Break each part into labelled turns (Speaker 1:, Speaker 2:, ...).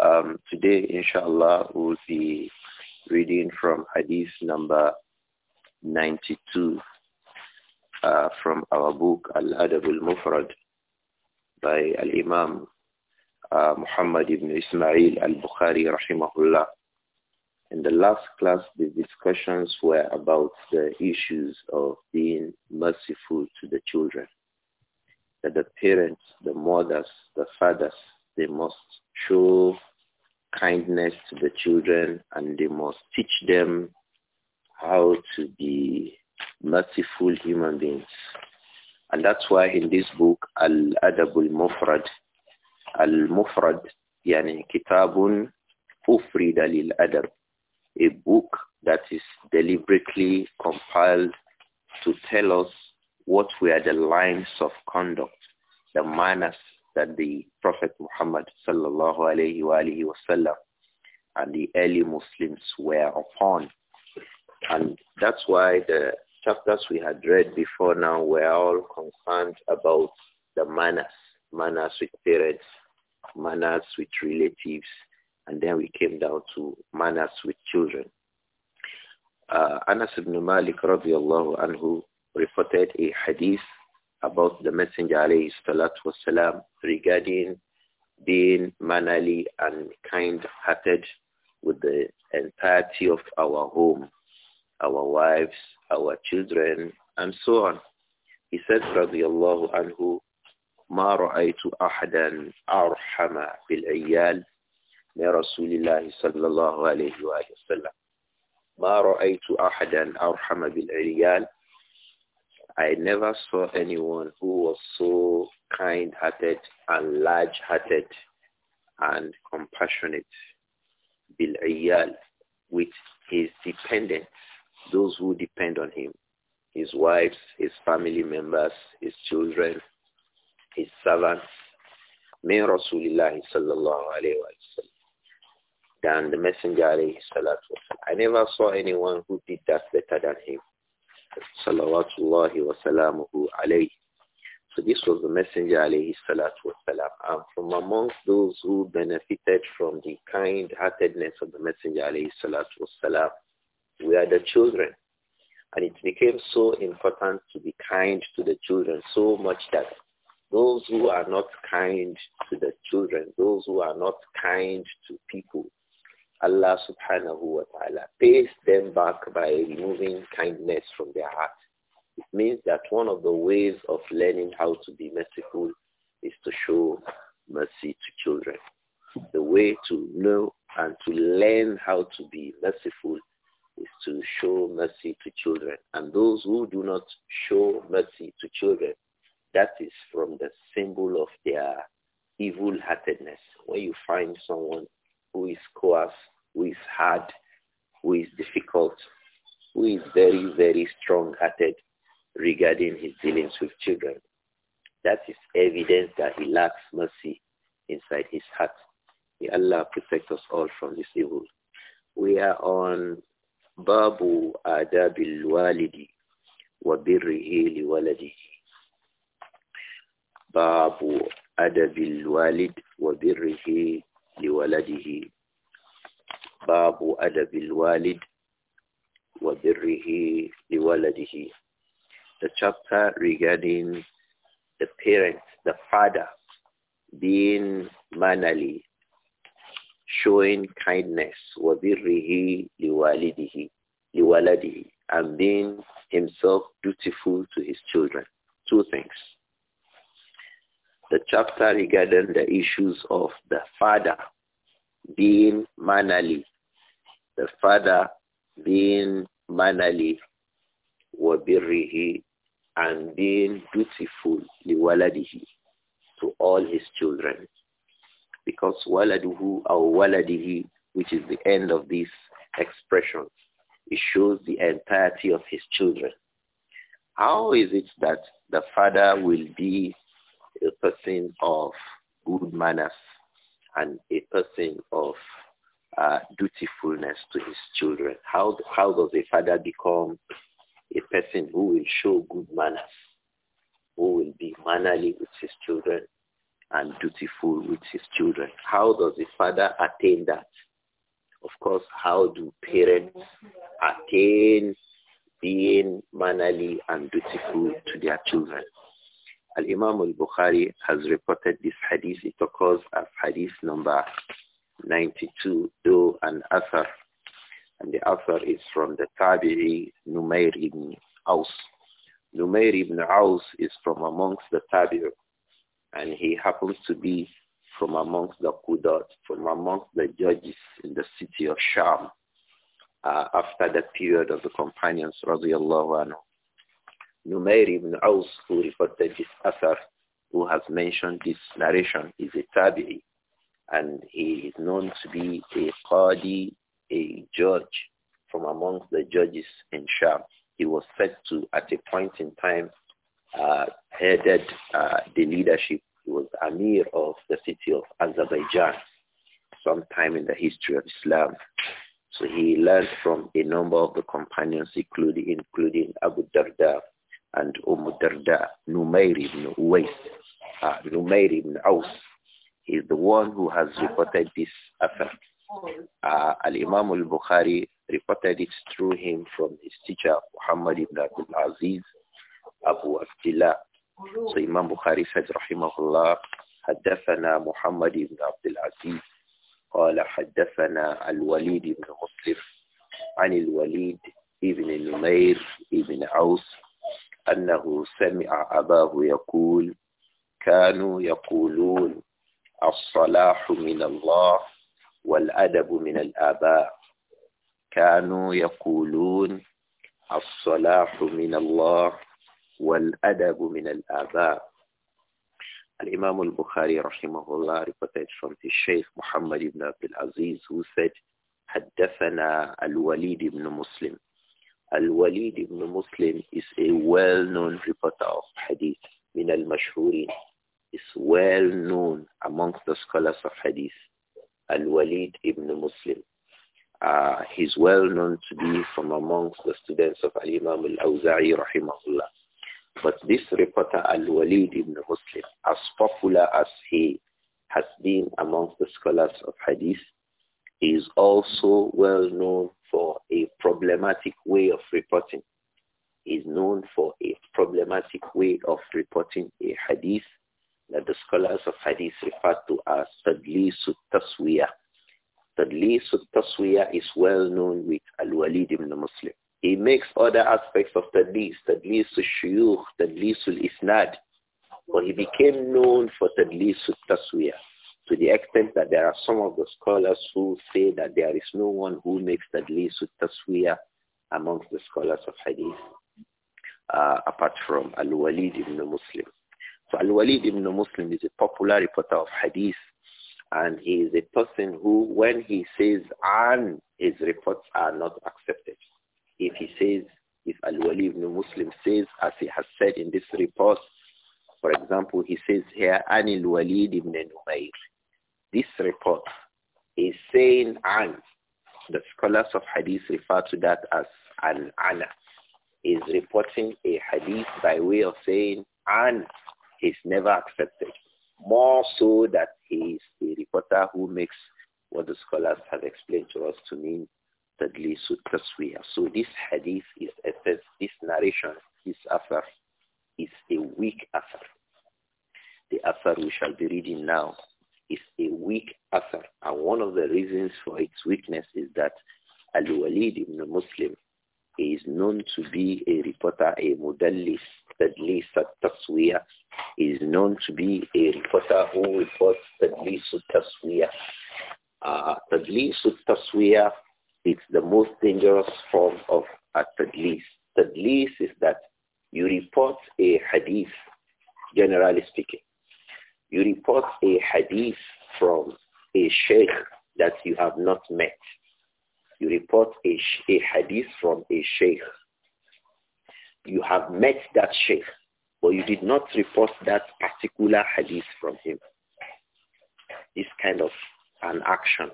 Speaker 1: Um, today, inshallah, we'll be reading from Hadith number 92 uh, from our book Al-Adab al-Mufrad by Al-Imam uh, Muhammad ibn Ismail al-Bukhari rahimahullah. In the last class, the discussions were about the issues of being merciful to the children. That the parents, the mothers, the fathers, they must show kindness to the children and they must teach them how to be merciful human beings. And that's why in this book, Al-Adab al-Mufrad, Al-Mufrad, yani kitabun ufrida lil-adab, a book that is deliberately compiled to tell us what were the lines of conduct, the manners that the Prophet Muhammad sallallahu alayhi wa alayhi and the early Muslims were upon. And that's why the chapters we had read before now were all concerned about the manners, manners with parents, manners with relatives, and then we came down to manners with children. Uh, Anas ibn Malik radiallahu anhu reported a hadith about the Messenger alayhi salatu wasalam regarding being mannerly and kind-hearted with the entirety of our home, our wives, our children, and so on. He said, radiyallahu anhu, ما رأيت أحدا أرحم بالعيال من رسول الله صلى الله عليه وآله وسلم ما رأيت أحدا أرحم بالعيال I never saw anyone who was so kind-hearted and large-hearted and compassionate bil with his dependents, those who depend on him, his wives, his family members, his children, his servants, May Rasulullah sallallahu alayhi wa than the Messenger alayhi salatu I never saw anyone who did that better than him salawatullahi wa salamuhu alayhi. So this was the messenger alayhi salatu wasalam. And from amongst those who benefited from the kind-heartedness of the messenger alayhi salatu wasalam were the children. And it became so important to be kind to the children so much that those who are not kind to the children, those who are not kind to people, Allah subhanahu wa ta'ala pays them back by removing kindness from their heart. It means that one of the ways of learning how to be merciful is to show mercy to children. The way to know and to learn how to be merciful is to show mercy to children. And those who do not show mercy to children, that is from the symbol of their evil-heartedness. When you find someone who is coerced who is hard, who is difficult, who is very, very strong-hearted regarding his dealings with children. That is evidence that he lacks mercy inside his heart. May Allah protect us all from this evil. We are on Babu Adabil Walidi wa Birrihi lil-Waladi. Babu Adabil Walid wa Birrihi Liwaladihi. باب أدب الوالد وبره لولده The chapter regarding the parents, the father, being mannerly, showing kindness, وَبِرِّهِ لِوَالِدِهِ لِوَالَدِهِ and being himself dutiful to his children. Two things. The chapter regarding the issues of the father being mannerly, the father being manly, wabirrihi, and being dutiful, liwaladihi, to all his children. Because waladuhu or waladihi, which is the end of this expression, it shows the entirety of his children. How is it that the father will be a person of good manners and a person of uh, dutifulness to his children. How, how does a father become a person who will show good manners, who will be mannerly with his children and dutiful with his children? How does a father attain that? Of course, how do parents attain being mannerly and dutiful to their children? Al-Imam al-Bukhari has reported this hadith. It occurs as hadith number 92, Do an author. And the author is from the Tabi'i Numair ibn Aus. Numair ibn Aus is from amongst the Tabi'i. And he happens to be from amongst the Qudat, from amongst the judges in the city of Sham uh, after the period of the companions, radiallahu anhu. Numair ibn Aus, who reported this author, who has mentioned this narration, is a Tabi'i and he is known to be a qadi, a judge from amongst the judges in Sham. He was said to, at a point in time, uh, headed uh, the leadership. He was Amir of the city of Azerbaijan sometime in the history of Islam. So he learned from a number of the companions, including, including Abu Darda and Umm Darda, Numair ibn Uwais, uh, Numair ibn Aus, is the one who has reported this affair. Uh, Al-Imam al-Bukhari reported it through him from his teacher Muhammad ibn Abdul Aziz Abu Abdullah. So Imam Bukhari said, Rahimahullah, حدثنا محمد بن عبد العزيز قال حدثنا الوليد بن مسلم عن الوليد ابن نمير ابن عوس أنه سمع أباه يقول كانوا يقولون الصلاح من الله والأدب من الآباء كانوا يقولون الصلاح من الله والأدب من الآباء الإمام البخاري رحمه الله reported from his Shaykh Muhammad ibn Abdul Aziz who said حدثنا الوليد ibn Muslim Al-Walid ibn Muslim is a well-known reporter of hadith من المشهورين is well known amongst the scholars of hadith, Al-Walid ibn Muslim. Uh, he's well known to be from amongst the students of Al-Imam Al-Awza'i rahimahullah. But this reporter Al-Walid ibn Muslim, as popular as he has been amongst the scholars of hadith, is also well known for a problematic way of reporting. Is known for a problematic way of reporting a hadith that the scholars of hadith refer to as Tadlisu Taswiyah. Tadlisu Taswiyah is well known with Al-Walid ibn Muslim. He makes other aspects of Tadlis, Tadlisu Shuyukh, Tadlisu Isnad. But he became known for Tadlisu Taswiyah to the extent that there are some of the scholars who say that there is no one who makes Tadlisu Taswiyah amongst the scholars of hadith. Uh, apart from Al-Walid ibn Muslim. So Al-Walid ibn Muslim is a popular reporter of hadith and he is a person who, when he says an, his reports are not accepted. If he says, if Al-Wali ibn Muslim says, as he has said in this report, for example, he says here, al Walid ibn Numayr. This report is saying an. The scholars of hadith refer to that as an ana. Is reporting a hadith by way of saying an is never accepted. More so that he is a reporter who makes what the scholars have explained to us to mean tadlisu taswiyah. So this hadith is assessed, this narration, this affair is a weak after. The after we shall be reading now is a weak after, And one of the reasons for its weakness is that Al-Walid ibn Muslim is known to be a reporter, a mudallis, Tadlis al-Taswiyah is known to be a reporter who reports Tadlis al-Taswiyah. Uh, tadlis al-Taswiyah is the most dangerous form of a Tadlis. Tadlis is that you report a hadith, generally speaking. You report a hadith from a sheikh that you have not met. You report a, a hadith from a sheikh you have met that sheikh, but you did not report that particular hadith from him. This kind of an action,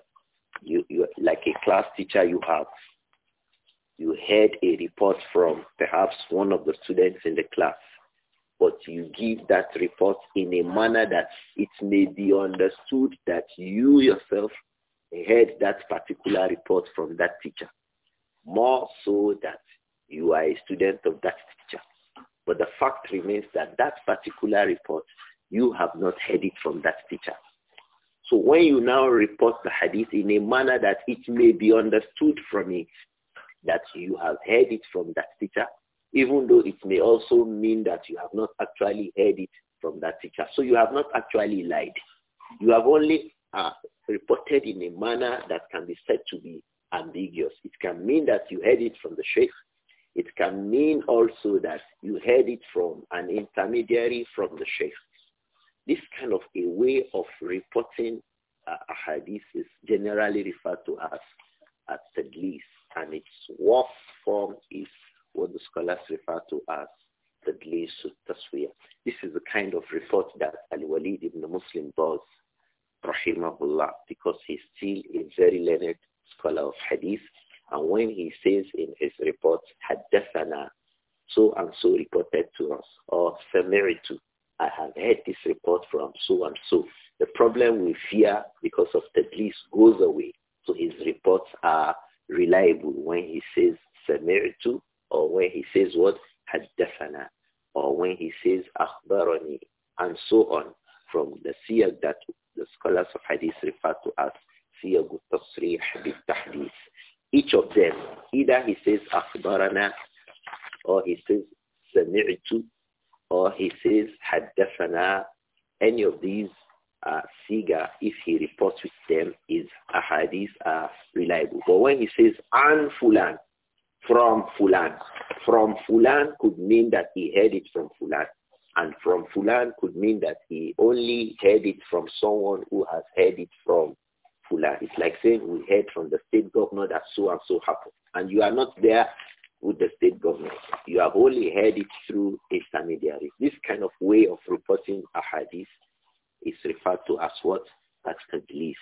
Speaker 1: you, you like a class teacher you have, you heard a report from perhaps one of the students in the class, but you give that report in a manner that it may be understood that you yourself heard that particular report from that teacher. More so that you are a student of that teacher. But the fact remains that that particular report, you have not heard it from that teacher. So when you now report the hadith in a manner that it may be understood from it, that you have heard it from that teacher, even though it may also mean that you have not actually heard it from that teacher. So you have not actually lied. You have only uh, reported in a manner that can be said to be ambiguous. It can mean that you heard it from the sheikh it can mean also that you heard it from an intermediary from the sheikh. This kind of a way of reporting uh, hadith is generally referred to as at tadlis, and its worst form is what the scholars refer to as tadlis taswiyah. This is the kind of report that Al-Walid ibn Muslim does, rahimahullah, because he's still a very learned scholar of hadith and when he says in his report, Haddathana, so and so reported to us, or Samaritu, I have heard this report from so and so. The problem we fear because of the police goes away. So his reports are reliable when he says Samaritu or when he says what? Haddathana or when he says Akhbarani and so on from the siyag that the scholars of hadith refer to as siyag al-tasrih bil-tahdith each of them, either he says أخبرنا or he says سمعت or he says حدثنا any of these uh, siga, if he reports with them, is ahadith are reliable. But when he says an fulan, from fulan, from fulan could mean that he heard it from fulan. And from fulan could mean that he only heard it from someone who has heard it from it's like saying we heard from the state governor that so and so happened. And you are not there with the state government. You have only heard it through intermediaries. This kind of way of reporting a hadith is referred to as what? As tadlis.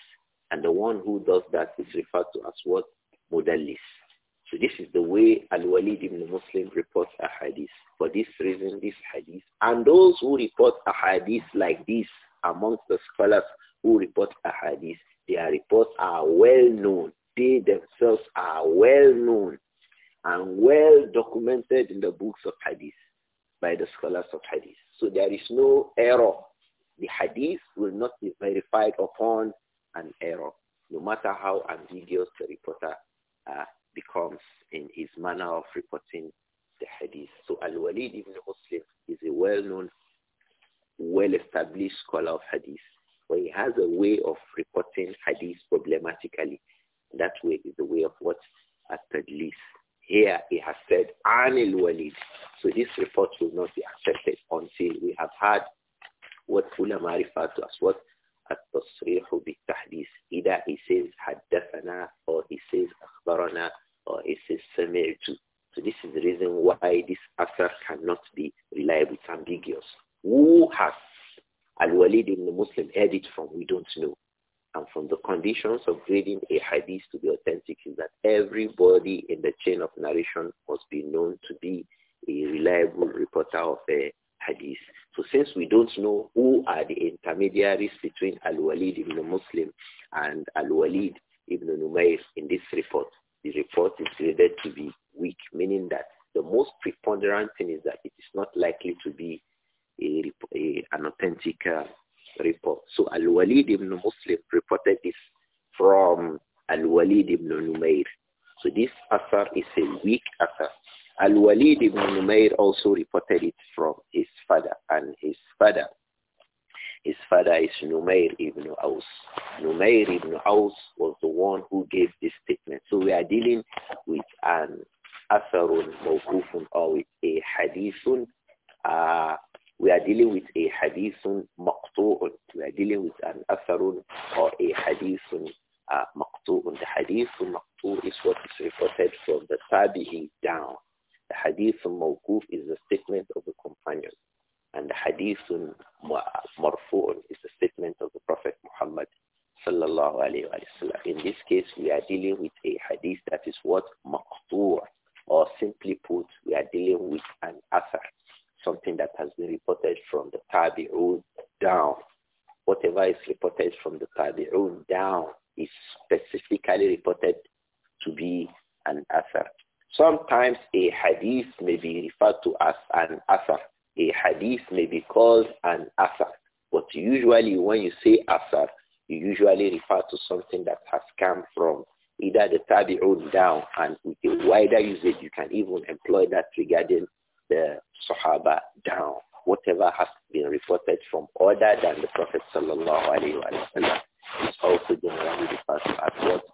Speaker 1: And the one who does that is referred to as what? Mudallis. So this is the way Al-Walid ibn Muslim reports a hadith. For this reason, this hadith, and those who report a hadith like this amongst the scholars who report a hadith, their reports are well known. They themselves are well known and well documented in the books of hadith by the scholars of hadith. So there is no error. The hadith will not be verified upon an error, no matter how ambiguous the reporter uh, becomes in his manner of reporting the hadith. So Al-Walid ibn Muslim is a well-known, well-established scholar of hadith. But he has a way of reporting hadith problematically. That way is the way of what at least Here he has said, Anil Walid. So this report will not be accepted until we have had what ulama refer to as what التصريح بالتحديث Either he says حدثنا or he says أخبرنا or he says سمعت so this is the reason why this answer cannot be reliable. It's ambiguous. Who has Al-Walid ibn Muslim heard it from, we don't know. And from the conditions of grading a hadith to be authentic is that everybody in the chain of narration must be known to be a reliable reporter of a hadith. So since we don't know who are the intermediaries between Al-Walid ibn Muslim and Al-Walid ibn Numayr in this report, the report is graded to be weak, meaning that the most preponderant thing is that it is not likely to be a, a, an authentic uh, report. So Al-Walid ibn Muslim reported this from Al-Walid ibn Numair. So this asar is a weak asar. Al-Walid ibn Numair also reported it from his father and his father. His father is Numair ibn Aus. Numair ibn Aus was the one who gave this statement. So we are dealing with an asarun mawkufun or with a hadithun uh, we are dealing with a hadithun maqtu'un. We are dealing with an asarun or a hadithun uh, maqtu'un. The hadithun maqtu' is what is reported from the tabi'i down. The hadithun mawquf is the statement of the companion. And the hadithun marfu'un is the statement of the Prophet Muhammad sallallahu alayhi wa sallam. In this case, we are dealing with a hadith that is what maqtu' or simply put, we are dealing with an asar something that has been reported from the Tabi'un down. Whatever is reported from the Tabi'un down is specifically reported to be an Asar. Sometimes a hadith may be referred to as an Asar. A hadith may be called an Asar. But usually when you say Asar, you usually refer to something that has come from either the tabi'un down and with a wider usage you can even employ that regarding the Sahaba down. Whatever has been reported from other than the Prophet sallallahu alaihi wasallam is also generally referred to as what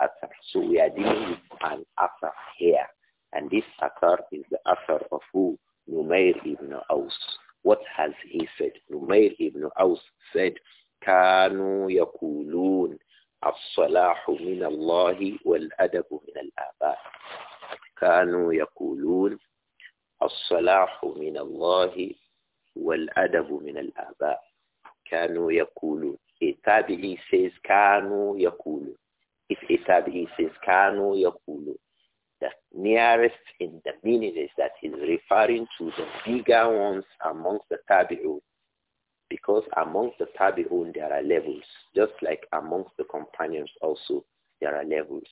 Speaker 1: asar. So we are dealing with an asar here, and this asar is the asar of who Numair ibn Aus. What has he said? Numair ibn Aus said, "كانوا يقولون الصلاح من الله والأدب من الآباء كانوا يقولون الصلاح من الله والأدب من الآباء كانوا يقولون التابعي says كانوا يقولون if a tabi'i says كانوا يقولون the nearest in the meaning is that he's referring to the bigger ones amongst the tabi'un because amongst the tabi'un there are levels just like amongst the companions also there are levels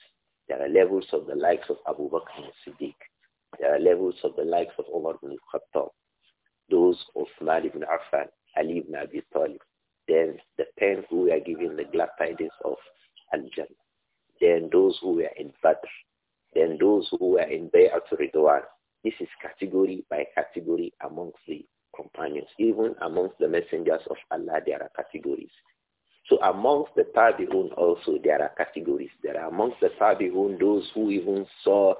Speaker 1: there are levels of the likes of Abu Bakr and Siddiq there uh, are levels of the likes of Omar ibn Khattab, those of Uthman ibn Affan, Ali ibn Abi Talib, then the pen who were given the glad tidings of Al-Jannah, then those who were in Badr, then those who were in Bay'at Ridwan. This is category by category amongst the companions. Even amongst the messengers of Allah, there are categories. So amongst the Tabi'un also, there are categories. There are amongst the Tabi'un those who even saw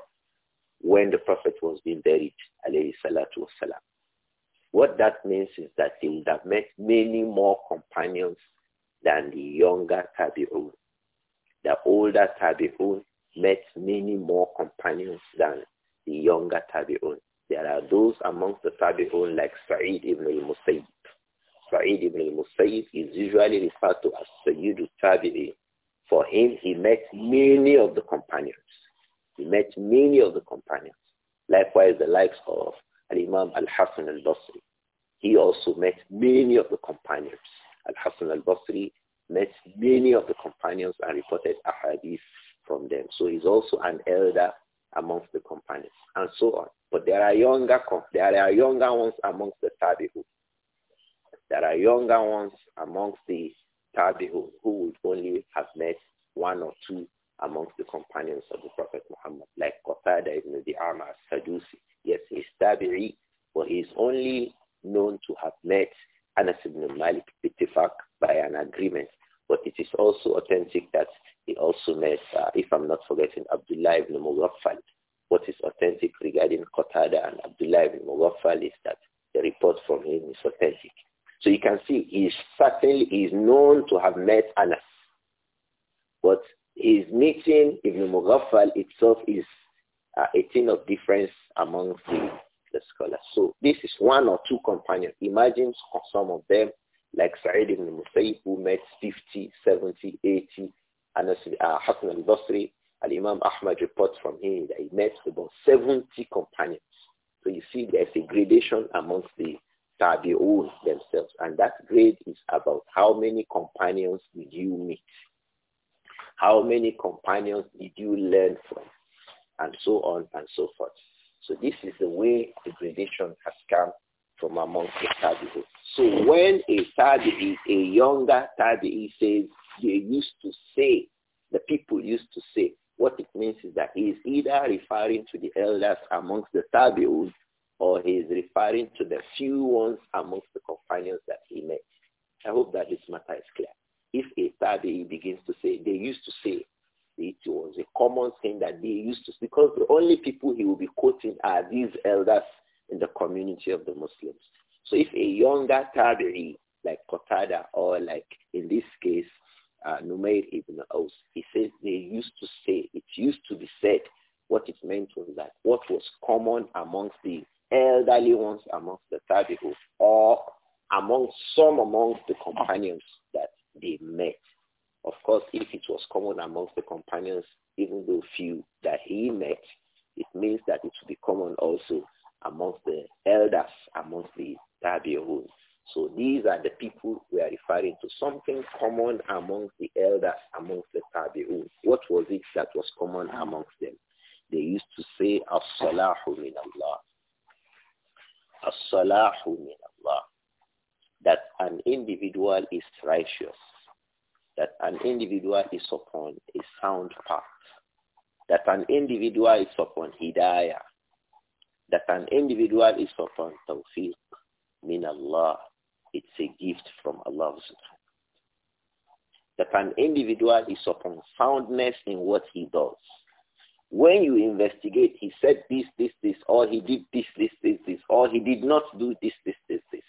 Speaker 1: when the Prophet was being buried, alayhi salatu wasalam. What that means is that he would have met many more companions than the younger Tabi'un. The older Tabi'un met many more companions than the younger Tabi'un. There are those amongst the Tabi'un like Sa'id ibn al-Musayyib. Sa'id ibn al-Musayyib is usually referred to as Sayyid al-Tabi'i. For him, he met many of the companions. He met many of the companions. Likewise, the likes of imam Al-Hassan Al-Basri. He also met many of the companions. Al-Hassan Al-Basri met many of the companions and reported ahadith from them. So he's also an elder amongst the companions and so on. But there are younger, there are younger ones amongst the tabi'un. There are younger ones amongst the tabi'un who would only have met one or two amongst the companions of the Prophet Muhammad, like Qatada ibn Di'ama al-Sadusi. Yes, he's Tabi'i, but he's only known to have met Anas ibn Malik Bittifak by an agreement. But it is also authentic that he also met, uh, if I'm not forgetting, Abdullah ibn Mughaffal. What is authentic regarding Qatada and Abdullah ibn Mughaffal is that the report from him is authentic. So you can see he certainly is known to have met Anas. But his meeting Ibn Mughaffal itself is uh, a thing of difference among the, the scholars. So this is one or two companions. Imagine some of them like Sa'id ibn Musayyib who met 50, 70, 80, and uh, Hassan al-Basri, Al-Imam Ahmad reports from him that he met about 70 companions. So you see there's a gradation amongst the Tabi'un themselves. And that grade is about how many companions did you meet. How many companions did you learn from? And so on and so forth. So this is the way the gradation has come from amongst the tabus. So when a is a younger he says, they used to say, the people used to say, what it means is that he is either referring to the elders amongst the tabus or he is referring to the few ones amongst the companions that he met. I hope that this matter is clear. If a Tabi'i begins to say, they used to say, it was a common thing that they used to, because the only people he will be quoting are these elders in the community of the Muslims. So if a younger Tabi'i, like Qatada or like in this case, uh, Numair ibn Aus, he says they used to say, it used to be said, what it meant was that what was common amongst the elderly ones amongst the Tabi'u or among some amongst the companions they met. Of course, if it was common amongst the companions, even though few that he met, it means that it would be common also amongst the elders, amongst the Tabiohun. So these are the people we are referring to. Something common amongst the elders, amongst the Tabi'un. What was it that was common amongst them? They used to say, As-salahu min Allah. As-salahu min that an individual is righteous, that an individual is upon a sound path, that an individual is upon hidayah, that an individual is upon tawfiq min Allah. It's a gift from Allah That an individual is upon soundness in what he does. When you investigate, he said this, this, this, or he did this, this, this, this, or he did not do this, this, this, this.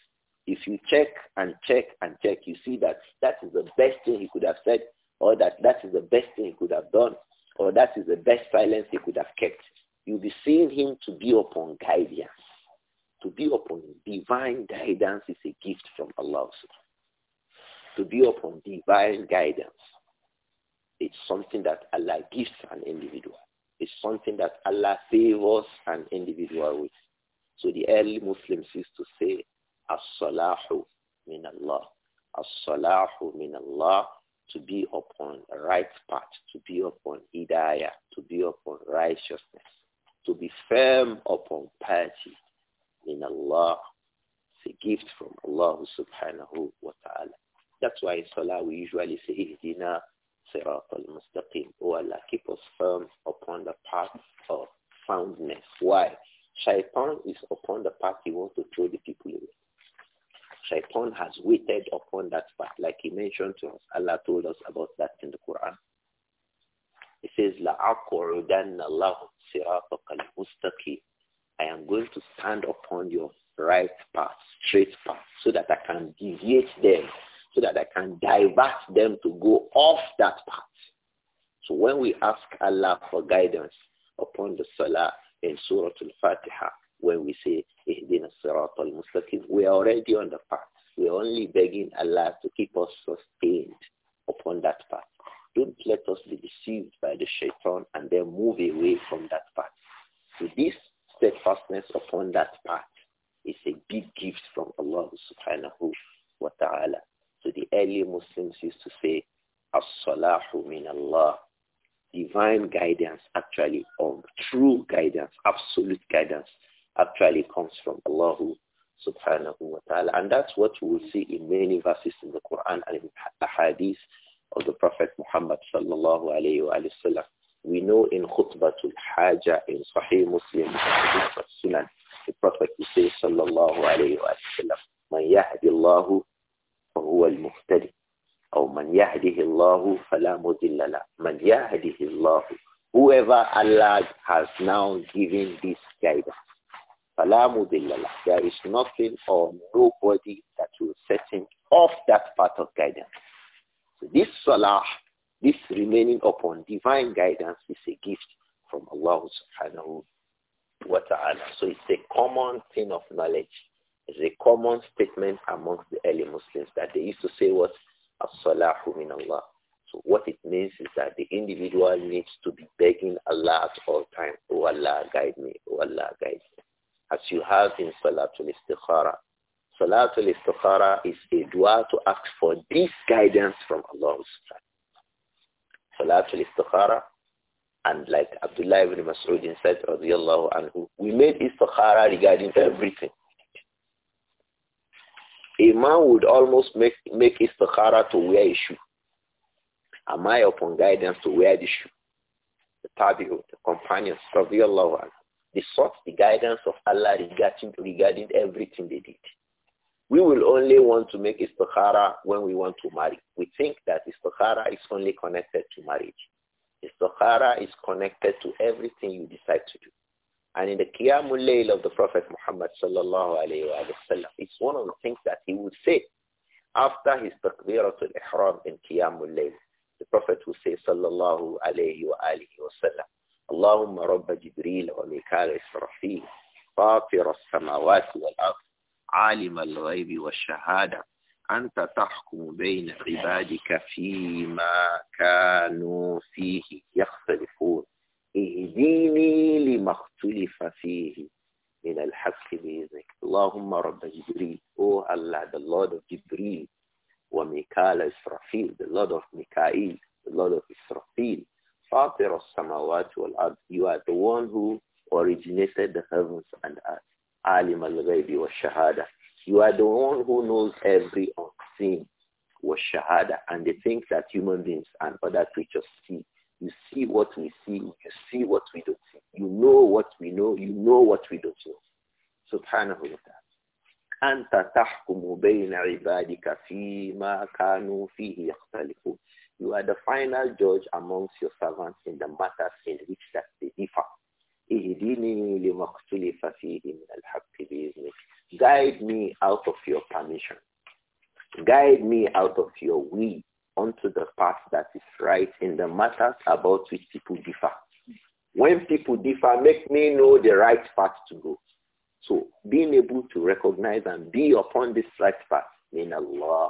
Speaker 1: If you check and check and check, you see that that is the best thing he could have said, or that that is the best thing he could have done, or that is the best silence he could have kept. You'll be seeing him to be upon guidance. To be upon divine guidance is a gift from Allah. To be upon divine guidance. It's something that Allah gives an individual. It's something that Allah favors an individual with. So the early Muslims used to say, as-salahu min Allah. As-salahu min Allah to be upon right path, to be upon hidayah, to be upon righteousness, to be firm upon piety in Allah. It's a gift from Allah subhanahu wa ta'ala. That's why in Salah we usually say, Ihdina sirat al-mustaqim. Oh Allah, keep us firm upon the path of soundness. Why? Shaitan is upon the path he wants to throw the people away. Shaitan has waited upon that path, like he mentioned to us. Allah told us about that in the Quran. It says, La اللَّهُ صِرَاطَكَ الْمُسْتَقِيمَ I am going to stand upon your right path, straight path, so that I can deviate them, so that I can divert them to go off that path. So when we ask Allah for guidance upon the Salah in Surah Al-Fatiha, when we say Ihdina Sirat mustaqim we are already on the path. We are only begging Allah to keep us sustained upon that path. Don't let us be deceived by the shaitan and then move away from that path. So this steadfastness upon that path is a big gift from Allah subhanahu wa ta'ala. So the early Muslims used to say, As-salahu min Allah. Divine guidance actually, or true guidance, absolute guidance actually comes from Allah subhanahu wa ta'ala. And that's what we'll see in many verses in the Quran and in the hadith of the Prophet Muhammad sallallahu alayhi wa sallam. We know in Khutbatul Hajjah in Sahih Muslim, Sunan, the Prophet will say sallallahu alayhi wa sallam, من يهدي الله فهو المهتدي أو من يهده الله فلا مضل له من يهده الله Whoever Allah has now given this guidance there is nothing or nobody that will set him off that path of guidance. So this salah, this remaining upon divine guidance is a gift from Allah subhanahu wa ta'ala. So it's a common thing of knowledge. It's a common statement amongst the early Muslims that they used to say what? As-salahu min Allah. So what it means is that the individual needs to be begging Allah at all times, Oh Allah, guide me. Oh Allah, guide me as you have in Salatul Istikhara. Salatul Istikhara is a dua to ask for this guidance from Allah subhanahu Salatul Istikhara, and like Abdullah ibn Mas'ud said, radiallahu anhu, we made Istikhara regarding everything. A man would almost make, make Istikhara to wear a shoe. Am I upon guidance to wear the shoe? The tabi'u, the companions, radiallahu anhu they sought the guidance of Allah regarding, regarding everything they did. We will only want to make istikhara when we want to marry. We think that istikhara is only connected to marriage. Istikhara is connected to everything you decide to do. And in the Qiyamul Layl of the Prophet Muhammad sallallahu alayhi wa sallam, it's one of the things that he would say after his takbiratul ihram in Qiyamul Layl. The Prophet would say sallallahu alayhi wa sallam, اللهم رب جبريل وميكال إسرافيل فاطر السماوات والأرض عالم الغيب والشهادة أنت تحكم بين عبادك فيما كانوا فيه يختلفون اهديني لما اختلف فيه من الحق بإذنك اللهم رب جبريل أو الله the Lord of جبريل وميكال إسرافيل the Lord of Mikael the Lord of Israfil فاطر السماوات والأرض You are the one who originated the heavens and earth. عالم wa shahada. You are the one who knows every unseen shahada. and the things that human beings and other creatures see. You see what we see. You see what we don't see. You know what we know. You know what we don't know. Subhanahu wa ta'ala. أنت تحكم بين عبادك فيما كانوا فيه يختلفون you are the final judge amongst your servants in the matters in which that they differ. Guide me out of your permission. Guide me out of your will onto the path that is right in the matters about which people differ. When people differ, make me know the right path to go. So being able to recognize and be upon this right path in Allah,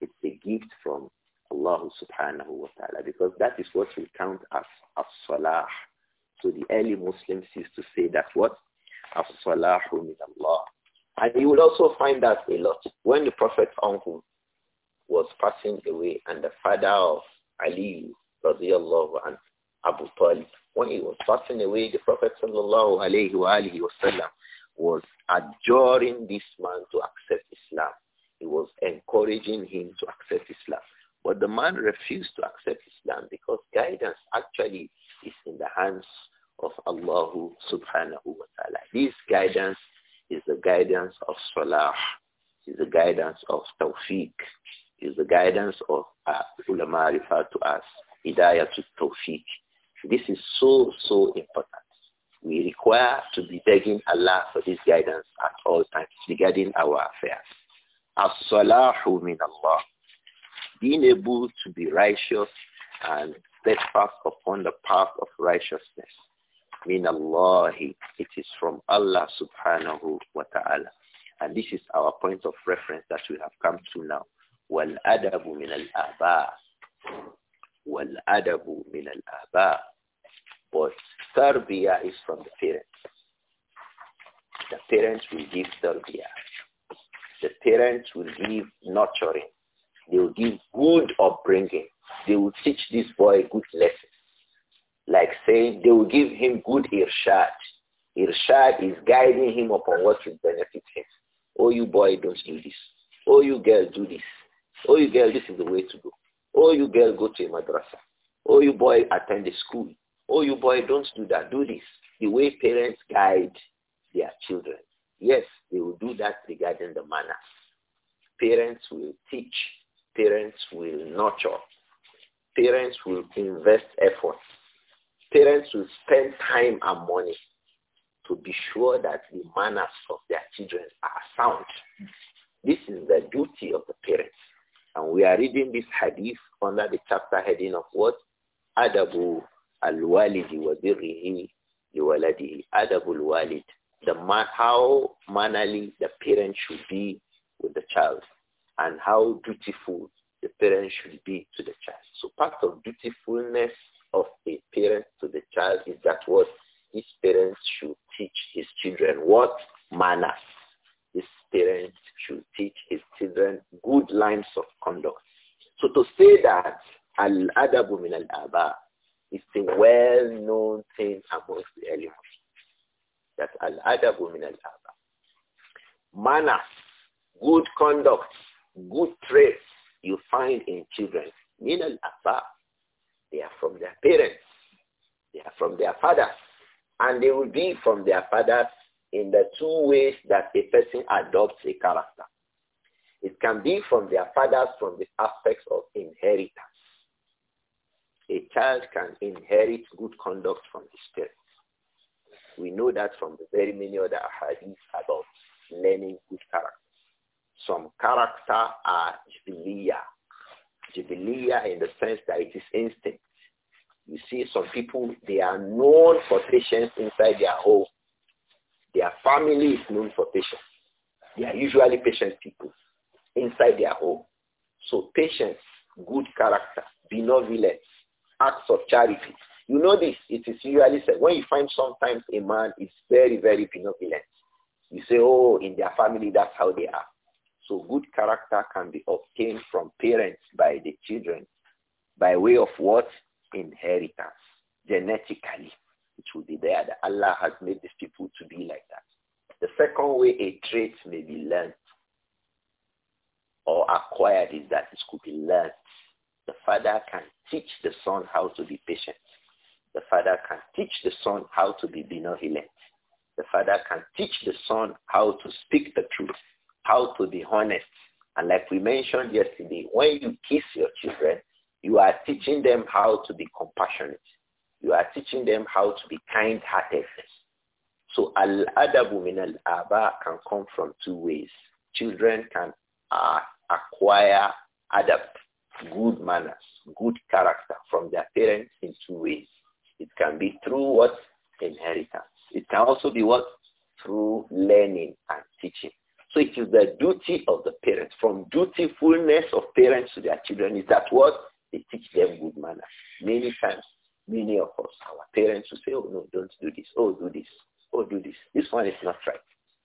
Speaker 1: it's a gift from Allah subhanahu wa ta'ala because that is what we count as as-salah. So the early Muslims used to say that what? As-salahu min Allah. And you will also find that a lot when the Prophet uncle was passing away and the father of Ali radiallahu and Abu Talib, when he was passing away, the Prophet sallallahu alayhi wa alihi wasallam was adjuring this man to accept Islam. He was encouraging him to accept Islam. But the man refused to accept Islam because guidance actually is in the hands of Allah subhanahu wa ta'ala. This guidance is the guidance of Salah, is the guidance of Tawfiq, is the guidance of uh, ulama referred to as Hidayah to Tawfiq. This is so, so important. We require to be begging Allah for this guidance at all times regarding our affairs. As-salahu min Allah being able to be righteous and steadfast upon the path of righteousness. Min Allah. it is from Allah subhanahu wa ta'ala. And this is our point of reference that we have come to now. وَالْأَدَبُ مِنَ الْآبَاءِ min al-aba. But tarbiyah is from the parents. The parents will give tarbiyah. The parents will give nurturing. They will give good upbringing. They will teach this boy good lessons. Like saying they will give him good irshad. Irshad is guiding him upon what will benefit him. Oh, you boy, don't do this. Oh, you girl, do this. Oh, you girl, this is the way to go. Oh, you girl, go to a madrasa. Oh, you boy, attend a school. Oh, you boy, don't do that. Do this. The way parents guide their children. Yes, they will do that regarding the manners. Parents will teach parents will nurture. Parents will invest effort. Parents will spend time and money to be sure that the manners of their children are sound. This is the duty of the parents. And we are reading this hadith under the chapter heading of what? Adabu al-walidi wa birrihi liwaladihi. Adabu al-walid. The man, how mannerly the parent should be with the child and how dutiful the parent should be to the child. So part of dutifulness of a parent to the child is that what his parents should teach his children. What manners? His parents should teach his children good lines of conduct. So to say that al-adabu min al-aba is a well-known thing amongst the elements. That al-adabu min al-aba. Manners, good conduct good traits you find in children. Min al They are from their parents. They are from their fathers. And they will be from their fathers in the two ways that a person adopts a character. It can be from their fathers from the aspects of inheritance. A child can inherit good conduct from his parents. We know that from the very many other hadiths about learning good character some character are jibiliya. Jibiliya in the sense that it is instinct. You see some people, they are known for patience inside their home. Their family is known for patience. They are usually patient people inside their home. So patience, good character, benevolence, acts of charity. You know this, it is usually said, when you find sometimes a man is very, very benevolent, you say, oh, in their family, that's how they are. So good character can be obtained from parents by the children by way of what? Inheritance, genetically. It will be there that Allah has made these people to be like that. The second way a trait may be learned or acquired is that it could be learned. The father can teach the son how to be patient. The father can teach the son how to be benevolent. The father can teach the son how to speak the truth how to be honest. And like we mentioned yesterday, when you kiss your children, you are teaching them how to be compassionate. You are teaching them how to be kind-hearted. So al-adabu min al-aba can come from two ways. Children can uh, acquire adab, good manners, good character from their parents in two ways. It can be through what? Inheritance. It can also be what? Through learning and teaching. So it is the duty of the parents, from dutifulness of parents to their children, is that what? They teach them good manners. Many times, many of us, our parents will say, oh no, don't do this, oh do this, oh do this. This one is not right.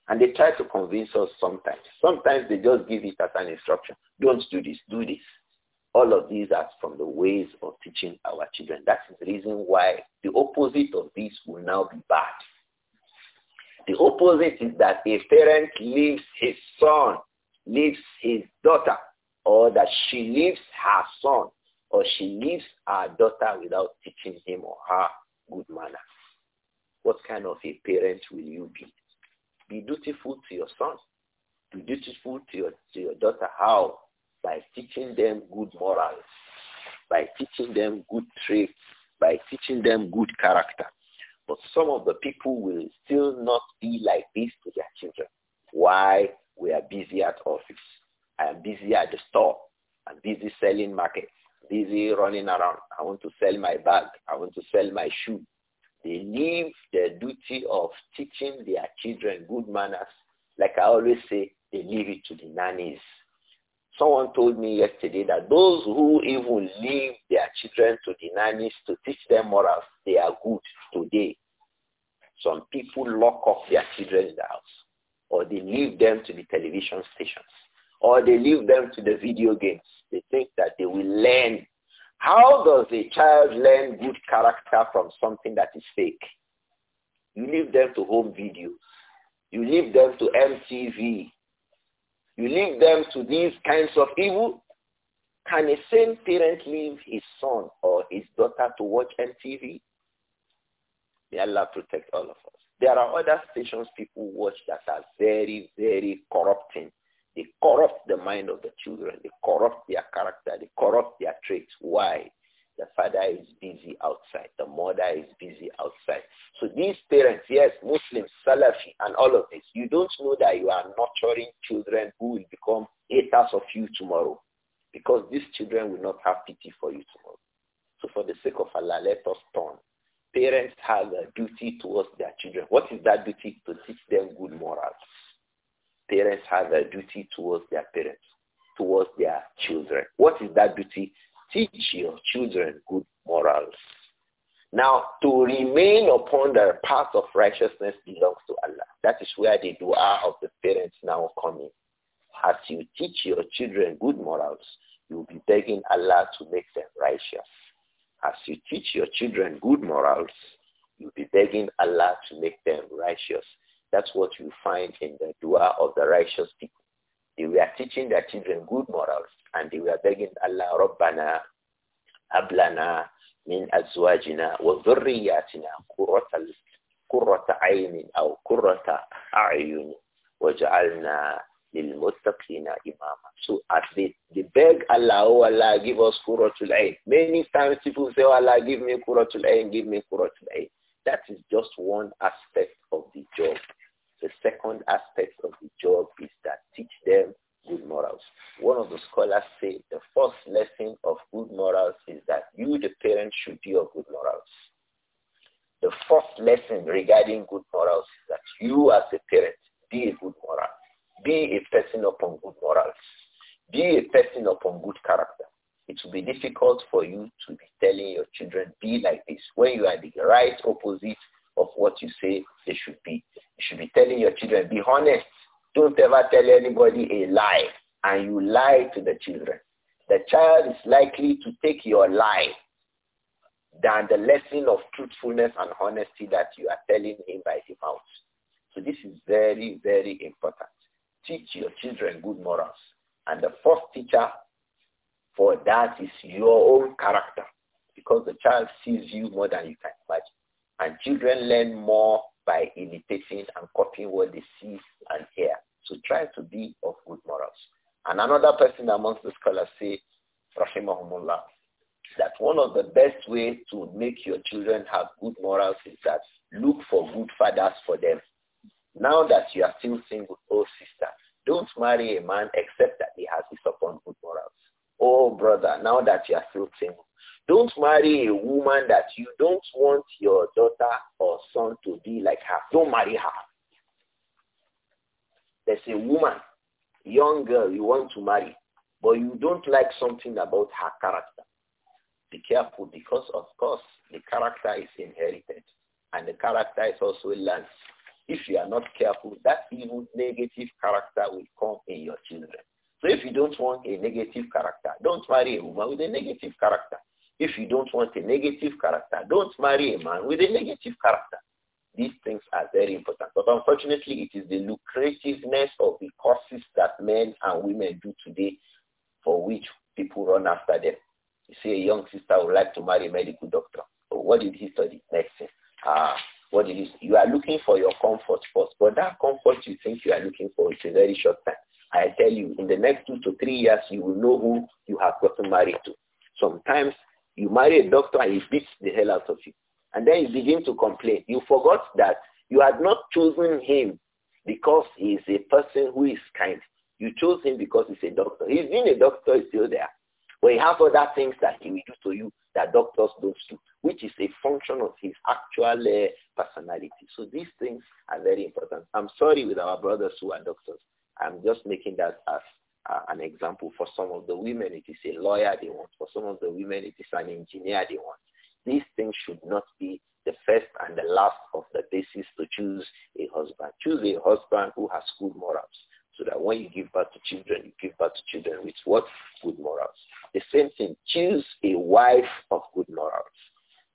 Speaker 1: And they try to convince us sometimes. Sometimes they just give it as an instruction. Don't do this, do this. All of these are from the ways of teaching our children. That is the reason why the opposite of this will now be bad. The opposite is that a parent leaves his son, leaves his daughter, or that she leaves her son, or she leaves her daughter without teaching him or her good manners. What kind of a parent will you be? Be dutiful to your son. Be dutiful to your, to your daughter. How? By teaching them good morals, by teaching them good traits, by teaching them good character. But some of the people will still not be like this to their children. Why? We are busy at office. I am busy at the store. I'm busy selling markets, busy running around. I want to sell my bag. I want to sell my shoe. They leave the duty of teaching their children good manners. Like I always say, they leave it to the nannies Someone told me yesterday that those who even leave their children to the nannies to teach them morals, they are good today. Some people lock up their children in the house, or they leave them to the television stations, or they leave them to the video games. They think that they will learn. How does a child learn good character from something that is fake? You leave them to home videos. You leave them to MTV. You leave them to these kinds of evil. Can a same parent leave his son or his daughter to watch MTV? May Allah protect all of us. There are other stations people watch that are very, very corrupting. They corrupt the mind of the children. They corrupt their character. They corrupt their traits. Why? The father is busy outside. The mother is busy outside. So these parents, yes, Muslims, Salafi, and all of this, you don't know that you are nurturing children who will become haters of you tomorrow because these children will not have pity for you tomorrow. So for the sake of Allah, let us turn. Parents have a duty towards their children. What is that duty? To teach them good morals. Parents have a duty towards their parents, towards their children. What is that duty? Teach your children good morals. Now, to remain upon the path of righteousness belongs to Allah. That is where the dua of the parents now coming. As you teach your children good morals, you'll be begging Allah to make them righteous. As you teach your children good morals, you'll be begging Allah to make them righteous. That's what you find in the dua of the righteous people. They were teaching their children good morals and we were begging Allah, Rabbana, Ablana, Min Azwajina, Wa Dhurriyatina, Qurrata Aynin, Aw Qurrata Ayun, Waj'alna للمتقين إماما. So at the the beg Allah, oh Allah, give us Qurratul Ayn. Many times people say, oh Allah, give me Qurratul Ayn, give me Qurratul Ayn. That is just one aspect of the job. The second aspect of the job is that teach them one of the scholars say the first lesson of good morals is that you, the parent, should be of good morals. The first lesson regarding good morals is that you, as a parent, be a good moral. Be a person upon good morals. Be a person upon good character. It will be difficult for you to be telling your children, be like this, when you are the right opposite of what you say they should be. You should be telling your children, be honest. Don't ever tell anybody a lie and you lie to the children, the child is likely to take your lie than the lesson of truthfulness and honesty that you are telling him by his mouth. So this is very, very important. Teach your children good morals. And the first teacher for that is your own character because the child sees you more than you can imagine. And children learn more And another person amongst the scholars say, Rahimahumullah, that one of the best way to make your children have good morals is that look for good fathers for them. Now that you are still single, oh sister, don't marry a man except that he has his upon good morals. Oh brother, now that you are still single, don't marry a woman that you girl you want to marry, but you don't like something about her character. Be careful because, of course, the character is inherited and the character is also learned. If you are not careful, that evil negative character will come in your children. So if you don't want a negative character, don't marry a woman with a negative character. If you don't want a negative character, don't marry a man with a negative character. These things are very important. But unfortunately, it is the lucrativeness of the courses that men and women do today for which people run after them. You see, a young sister would like to marry a medical doctor. So what did he study? Medicine. Uh, what did he, you are looking for your comfort first, but that comfort you think you are looking for is a very short time. I tell you, in the next two to three years, you will know who you have gotten married to. Sometimes you marry a doctor and he beats the hell out of you. And then you begin to complain. You forgot that you had not chosen him because he is a person who is kind. You chose him because he's a doctor. He's been a doctor, he's still there. But you have other things that he will do to you that doctors don't do, which is a function of his actual uh, personality. So these things are very important. I'm sorry with our brothers who are doctors. I'm just making that as uh, an example. For some of the women, it is a lawyer they want. For some of the women, it is an engineer they want. These things should not be the first and the last of the basis to choose a husband. Choose a husband who has good morals so that when you give birth to children, you give birth to children with what? Good morals. The same thing, choose a wife of good morals.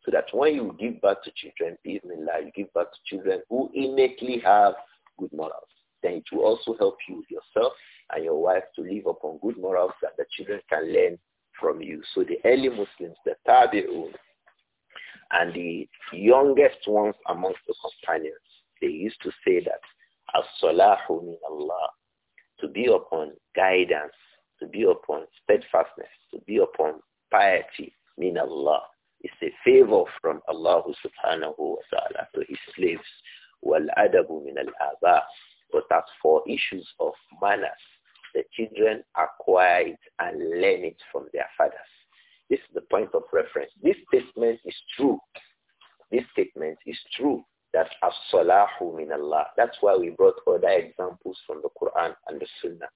Speaker 1: So that when you give birth to children, life, you give birth to children who innately have good morals. Then it will also help you with yourself and your wife to live upon good morals that the children can learn from you. So the early Muslims, the Tabi'un, and the youngest ones amongst the companions, they used to say that as-salahu min Allah to be upon guidance, to be upon steadfastness, to be upon piety, min Allah. It's a favor from Allah subhanahu wa ta'ala to his slaves. وَالْأَدَبُ مِنَ الْآبَاءِ But as for issues of manners, the children acquire it and learn it from their fathers. This is the point of reference. This statement is true. This statement is true that's as-salahu min Allah. That's why we brought other examples from the Quran and the Sunnah.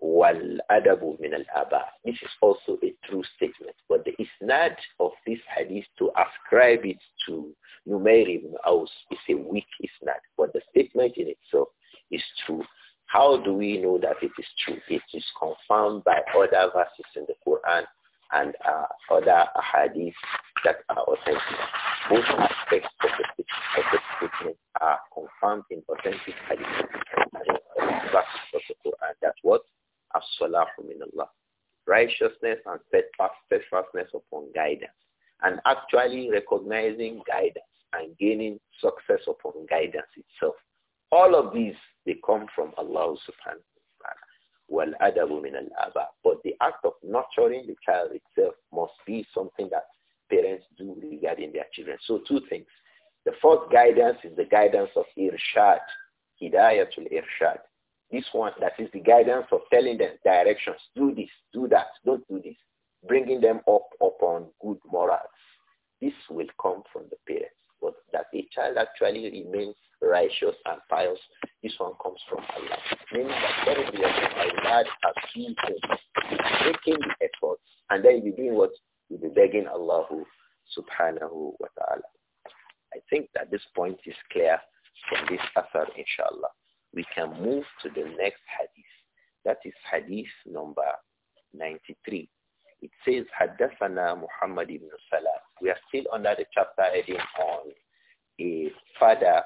Speaker 1: Wal-adabu min al-aba. This is also a true statement. But the isnad of this hadith to ascribe it to Numair ibn Aus is a weak isnad. But the statement in itself is true. How do we know that it is true? It is confirmed by other verses in the Quran and uh, other hadiths that are authentic. Both aspects of the, of the are uh, confirmed in authentic hadith and that's what? As-salahu min Allah. Righteousness and steadfastness upon guidance. And actually recognizing guidance and gaining success upon guidance itself. All of these, they come from Allah subhanahu wa ta'ala. Wal-adabu min al But the act of nurturing the child itself must be something that parents do regarding their children. So two things. The fourth guidance is the guidance of irshad, hidayatul irshad. This one, that is the guidance of telling them directions. Do this, do that, don't do this. Bringing them up upon good morals. This will come from the parents. But that a child actually remains righteous and pious, this one comes from Allah. Meaning that everybody Allah has been making the efforts and then you're doing what? You'll be begging Allah subhanahu wa ta'ala. I think that this point is clear from this asar, inshallah. We can move to the next hadith. That is hadith number 93. It says, Haddathana Muhammad ibn Salah. We are still under the chapter heading on a father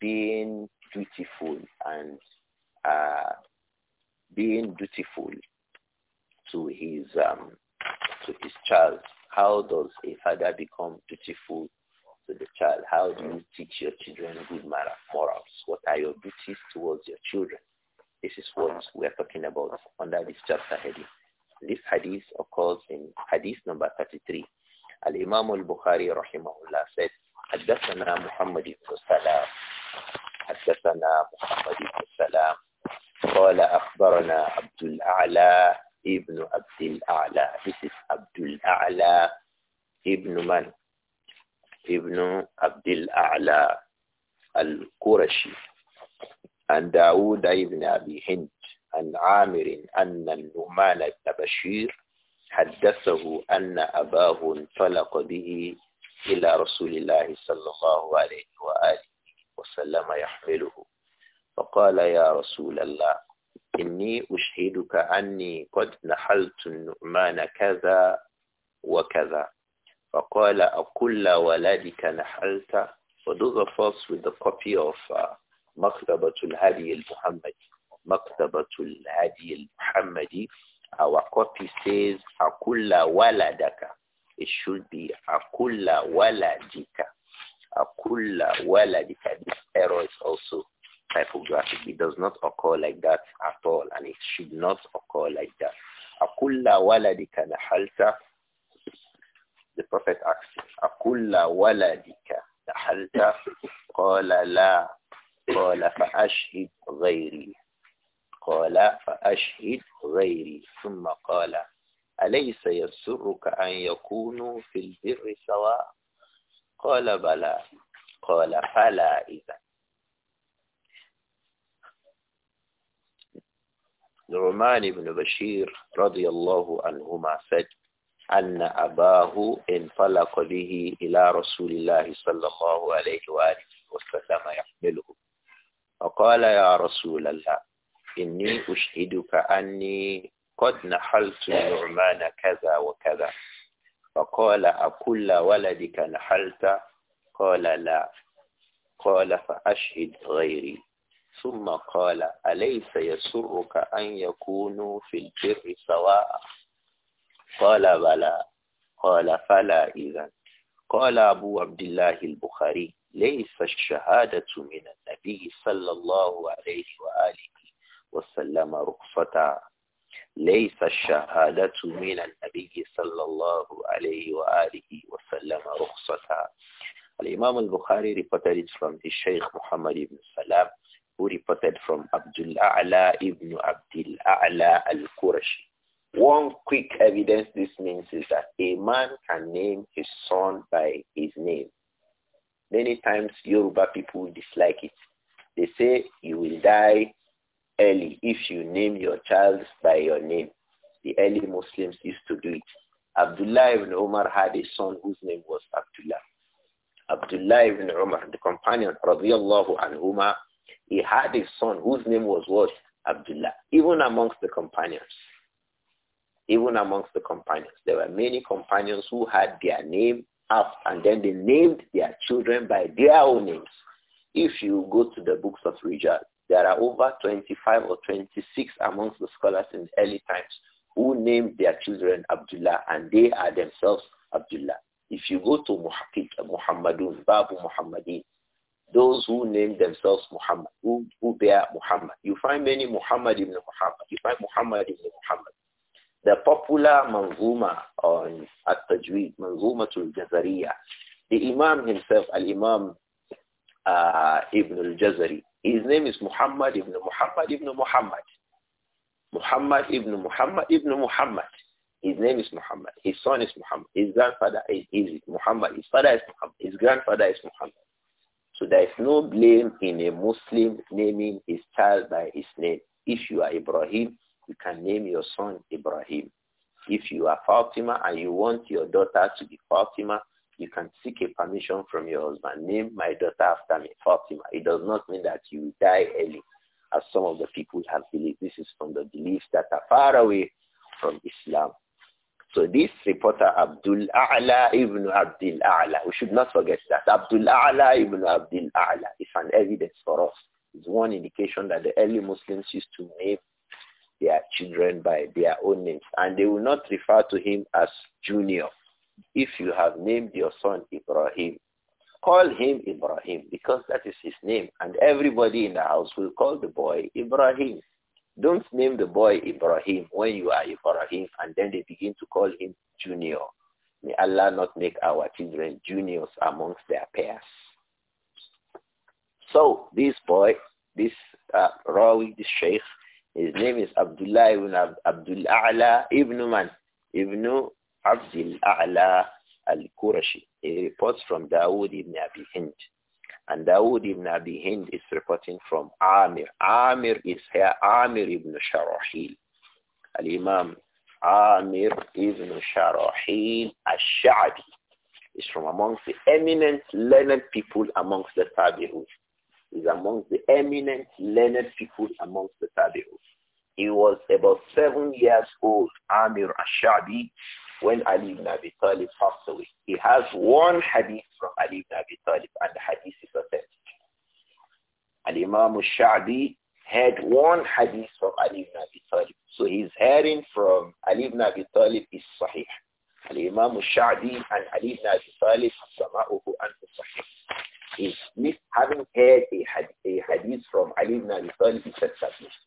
Speaker 1: being dutiful and uh, being dutiful to his um, to his child. How does a father become dutiful to the child? How do you teach your children good morals? What are your duties towards your children? This is what we are talking about under this chapter heading. This hadith occurs in hadith number 33. Al-Imam al-Bukhari rahimahullah said, حدثنا محمد بن سلام حدثنا محمد بن سلام قال أخبرنا عبد الأعلى ابن عبد الأعلى This is عبد الأعلى ابن من ابن عبد الأعلى القرشي عن داود ابن أبي هند عن عامر أن النعمان بن بشير حدثه أن أباه انطلق به إلى رسول الله صلى الله عليه وآله وسلم يحمله فقال يا رسول الله إني أشهدك أني قد نحلت النعمان كذا وكذا فَقَالَ أَكُلَّ وَلَدِكَ نَحَلْتَ For those of us with the copy of مكتبة uh, Maktabatul Hadi مكتبة muhammadi Maktabatul our copy says Akulla waladaka. It should be Akulla وَلَدِكَ. Akulla وَلَدِكَ. This error is also typographic. It does not occur like that at all, and it should not occur like that. Akulla waladika نَحْلَتَ. The Prophet asked, Akulla waladika dahalta? Qala la. Qala fa'ashhid ghayri. قال فأشهد غيري ثم قال أليس يسرك أن يكونوا في البر سواء قال بلى قال فلا إذا نعمان بن بشير رضي الله عنهما said أن أباه انطلق به إلى رسول الله صلى الله عليه وآله وسلم يحمله فقال يا رسول الله إني أشهدك أني قد نحلت نعمان كذا وكذا فقال أكل ولدك نحلت قال لا قال فأشهد غيري ثم قال أليس يسرك أن يكونوا في البر سواء قال بلى قال فلا إذا قال أبو عبد الله البخاري ليس الشهادة من النبي صلى الله عليه وآله وسلم رخصة ليس الشهادة من النبي صلى الله عليه وآله وسلم رخصة الإمام البخاري reported it from his Shaykh Muhammad ibn Salam who reported from Abdul A'la ibn Abdul A'la al-Qurashi one quick evidence this means is that a man can name his son by his name. Many times Yoruba people dislike it. They say you will die early if you name your child by your name. The early Muslims used to do it. Abdullah ibn Umar had a son whose name was Abdullah. Abdullah ibn Umar, the companion, radiallahu anhuma, he had a son whose name was what? Abdullah, even amongst the companions even amongst the companions. There were many companions who had their name up and then they named their children by their own names. If you go to the books of Rijal, there are over 25 or 26 amongst the scholars in the early times who named their children Abdullah and they are themselves Abdullah. If you go to Muhakkik, Muhammadun, Babu Muhammadin, those who name themselves Muhammad, who, who bear Muhammad. You find many Muhammad ibn Muhammad. You find Muhammad ibn Muhammad. The popular Manzuma on At-Tajweed, Manzumatul Jazariya, the Imam himself, Al-Imam uh, Ibn al-Jazari, his name is Muhammad Ibn Muhammad Ibn Muhammad. Muhammad Ibn Muhammad Ibn Muhammad. His name is Muhammad. His son is Muhammad. His grandfather is, is Muhammad. His father is Muhammad. His grandfather is Muhammad. So there is no blame in a Muslim naming his child by his name. If you are Ibrahim, you can name your son Ibrahim. If you are Fatima and you want your daughter to be Fatima, you can seek a permission from your husband. Name my daughter after me, Fatima. It does not mean that you die early, as some of the people have believed. This is from the beliefs that are far away from Islam. So this reporter, Abdul A'la ibn Abdul A'la, we should not forget that. Abdul A'la ibn Abdul A'la is an evidence for us. It's one indication that the early Muslims used to name their children by their own names. And they will not refer to him as junior. If you have named your son Ibrahim, call him Ibrahim because that is his name. And everybody in the house will call the boy Ibrahim. Don't name the boy Ibrahim when you are Ibrahim and then they begin to call him junior. May Allah not make our children juniors amongst their peers. So this boy, this uh, Rawi, this sheikh, his name is Abdullah ibn Ab Abdul A'la ibn Man, ibn Abdul A'la al-Qurashi. He reports from Dawood ibn Abi Hind. And Dawood ibn Abi Hind is reporting from Amir. Amir is here Amir ibn Sharahil. Al-Imam Amir ibn Sharahil al-Sha'bi is from amongst the eminent learned people amongst the Tabi'un is amongst the eminent learned people amongst the Tabi'us. He was about seven years old, Amir Ashabi, when Ali ibn Abi Talib passed away. He has one hadith from Ali ibn Abi Talib, and the hadith is authentic. Al-Imam al-Sha'bi had one hadith from Ali ibn Abi Talib. So his hearing from Ali ibn Abi Talib is sahih. Al-Imam al-Sha'bi and Ali ibn Abi Talib, sama'uhu anhu sahih is this having heard a, a hadith from Ali ibn Abi Talib is established.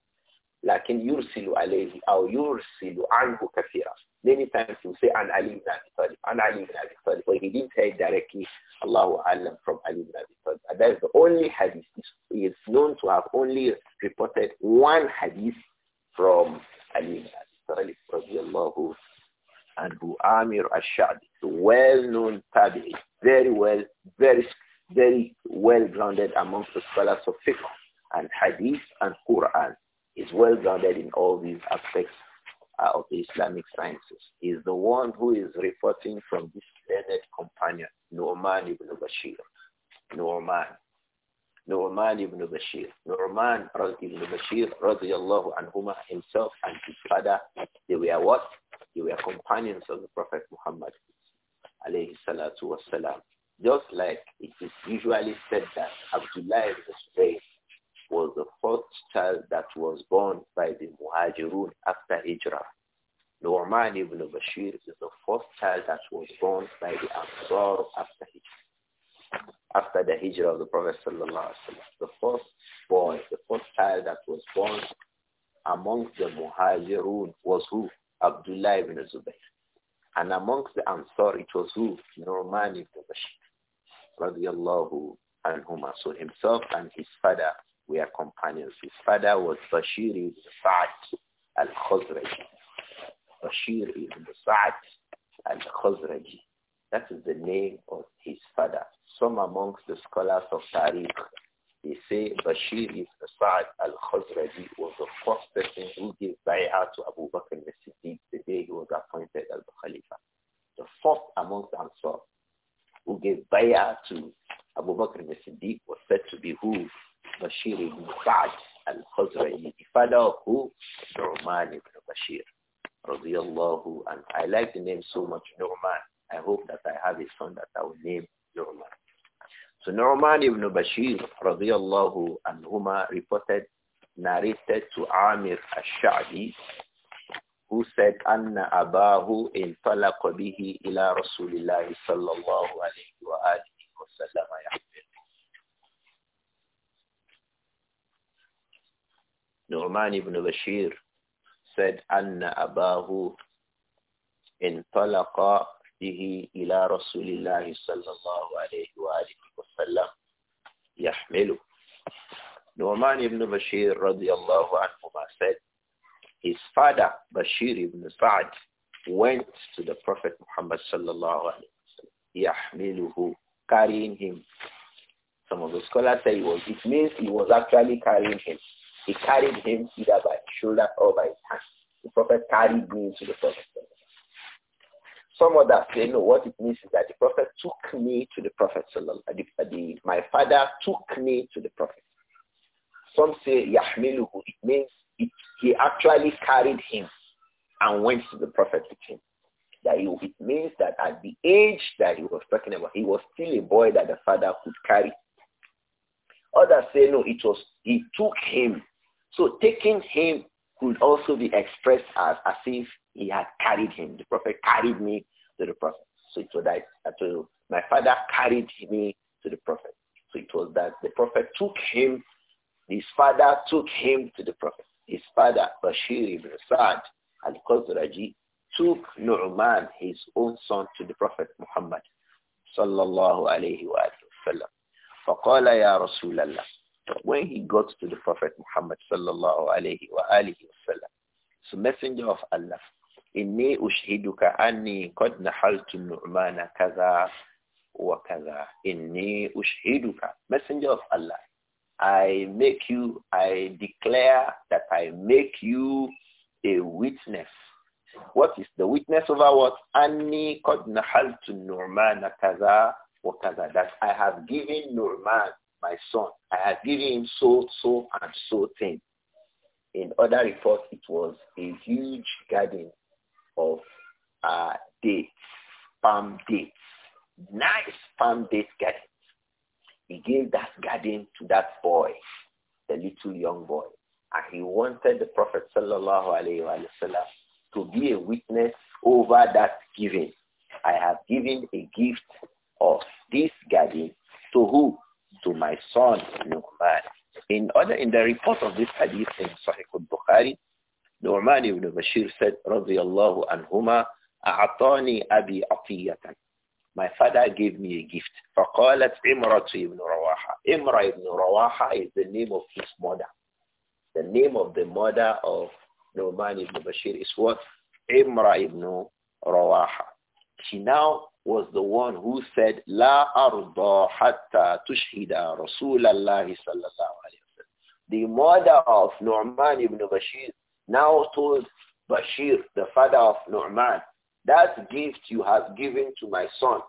Speaker 1: لكن يرسل عليه أو يرسل عنه كثيرا. Many times you say an Ali ibn Abi Talib, an Ali ibn Abi Talib, but he didn't say directly الله alam from Ali ibn Abi Talib. And that is the only hadith. He is known to have only reported one hadith from Ali ibn Abi Talib and الله Amir al الشعبي. Well-known tabi'i. Very well, very very well grounded amongst the scholars of fiqh and hadith and Quran. Is well grounded in all these aspects uh, of the Islamic sciences. He is the one who is reporting from this learned companion, Nu'man ibn Bashir. Nu'man. Nu'man ibn Bashir. Nu'man ibn Bashir, radiyallahu anhuma, himself and his father, they were what? They were companions of the Prophet Muhammad, alayhi salatu wasalam. Just like it is usually said that Abdullah ibn Zubayr was the first child that was born by the Muhajirun after Hijrah. Nu'man ibn Bashir is the first child that was born by the Ansar after Hijrah. After the Hijrah of the Prophet Sallallahu Alaihi Wasallam, the first boy, the first child that was born amongst the Muhajirun was who? Abdullah ibn Zubayr. And amongst the Ansar, it was who? Nu'man ibn Bashir radiallahu anhuma. So himself and his father were companions. His father was Bashir ibn Sa'd al-Khazraji. Bashir ibn Sa'd al-Khazraji. That is the name of his father. Some amongst the scholars of Tariq, they say Bashir ibn Sa'd al-Khazraji was the first person who gave bay'ah to Abu Bakr al-Siddiq the day he was appointed as the Khalifa. The first amongst Ansar who gave bayah to Abu Bakr al-Siddiq was said to be who? Bashir ibn Sa'd al-Khazraji, the father of who? Nu'man ibn Bashir, radiyallahu And I like the name so much, Nu'man. I hope that I have a son that I will name Nu'man. So Nu'man ibn Bashir, radiyallahu anhuma, reported, narrated to Amir al-Sha'bi, who said, Anna abahu intalaqa bihi ila Rasulillah sallallahu alayhi wa alihi wa sallam Nu'man ibn Bashir said, Anna abahu intalaqa bihi ila Rasulillah sallallahu alayhi wa alihi wa sallam yahmilu. Nu'man ibn Bashir radiyallahu anhu said, his father, Bashir ibn Sa'd, went to the Prophet Muhammad sallallahu alayhi wa carrying him. Some of the scholars say it was, it means he was actually carrying him. He carried him either by his shoulder or by his hand. The Prophet carried me to the Prophet. Some others say, no, what it means is that the Prophet took me to the Prophet. The, the, my father took me to the Prophet. Some say, Yahmiluhu, it means he actually carried him and went to the Prophet with him. That he, it means that at the age that he was talking about, he was still a boy that the father could carry. Others say no, it was he took him. So taking him could also be expressed as as if he had carried him. The Prophet carried me to the Prophet. So it was that uh, my father carried me to the Prophet. So it was that the Prophet took him, his father took him to the Prophet his father, Bashir ibn Sa'd al-Qazraji, took Nu'man, his own son, to the Prophet Muhammad sallallahu alayhi wa sallam. فَقَالَ يَا رَسُولَ اللَّهِ When he got to the Prophet Muhammad sallallahu alayhi wa alihi wa sallam, so messenger of Allah, إِنِّي أُشْهِدُكَ أَنِّي قَدْ نَحَلْتُ النُّعْمَانَ كَذَا وَكَذَا إِنِّي أُشْهِدُكَ Messenger of Allah, I make you, I declare that I make you a witness. What is the witness over what? Anni qad nahaltu Nurman kaza kaza. That I have given Nurman, my son, I have given him so, so, and so thing. In other reports, it was a huge garden of uh, dates, palm dates. Nice palm date garden. He gave that garden to that boy, the little young boy. And he wanted the Prophet sallallahu to be a witness over that giving. I have given a gift of this garden to who? To my son Nu'man. In other, in the report of this hadith in Sahih al-Bukhari, Nu'man ibn Bashir said, رضي الله عنهما, أعطاني أبي عطية father gave me a gift. فَقَالَتْ إِمْرَةُ ibn Rawaha. Imra ibn Rawaha is the name of his mother. The name of the mother of Numan ibn Bashir is what? Imra ibn Rawaha. She now was the one who said, La arda hatta tushhida Rasulallah sallallahu alayhi wa The mother of Nu'man ibn Bashir now told Bashir, the father of Nu'man, that gift you have given to my son,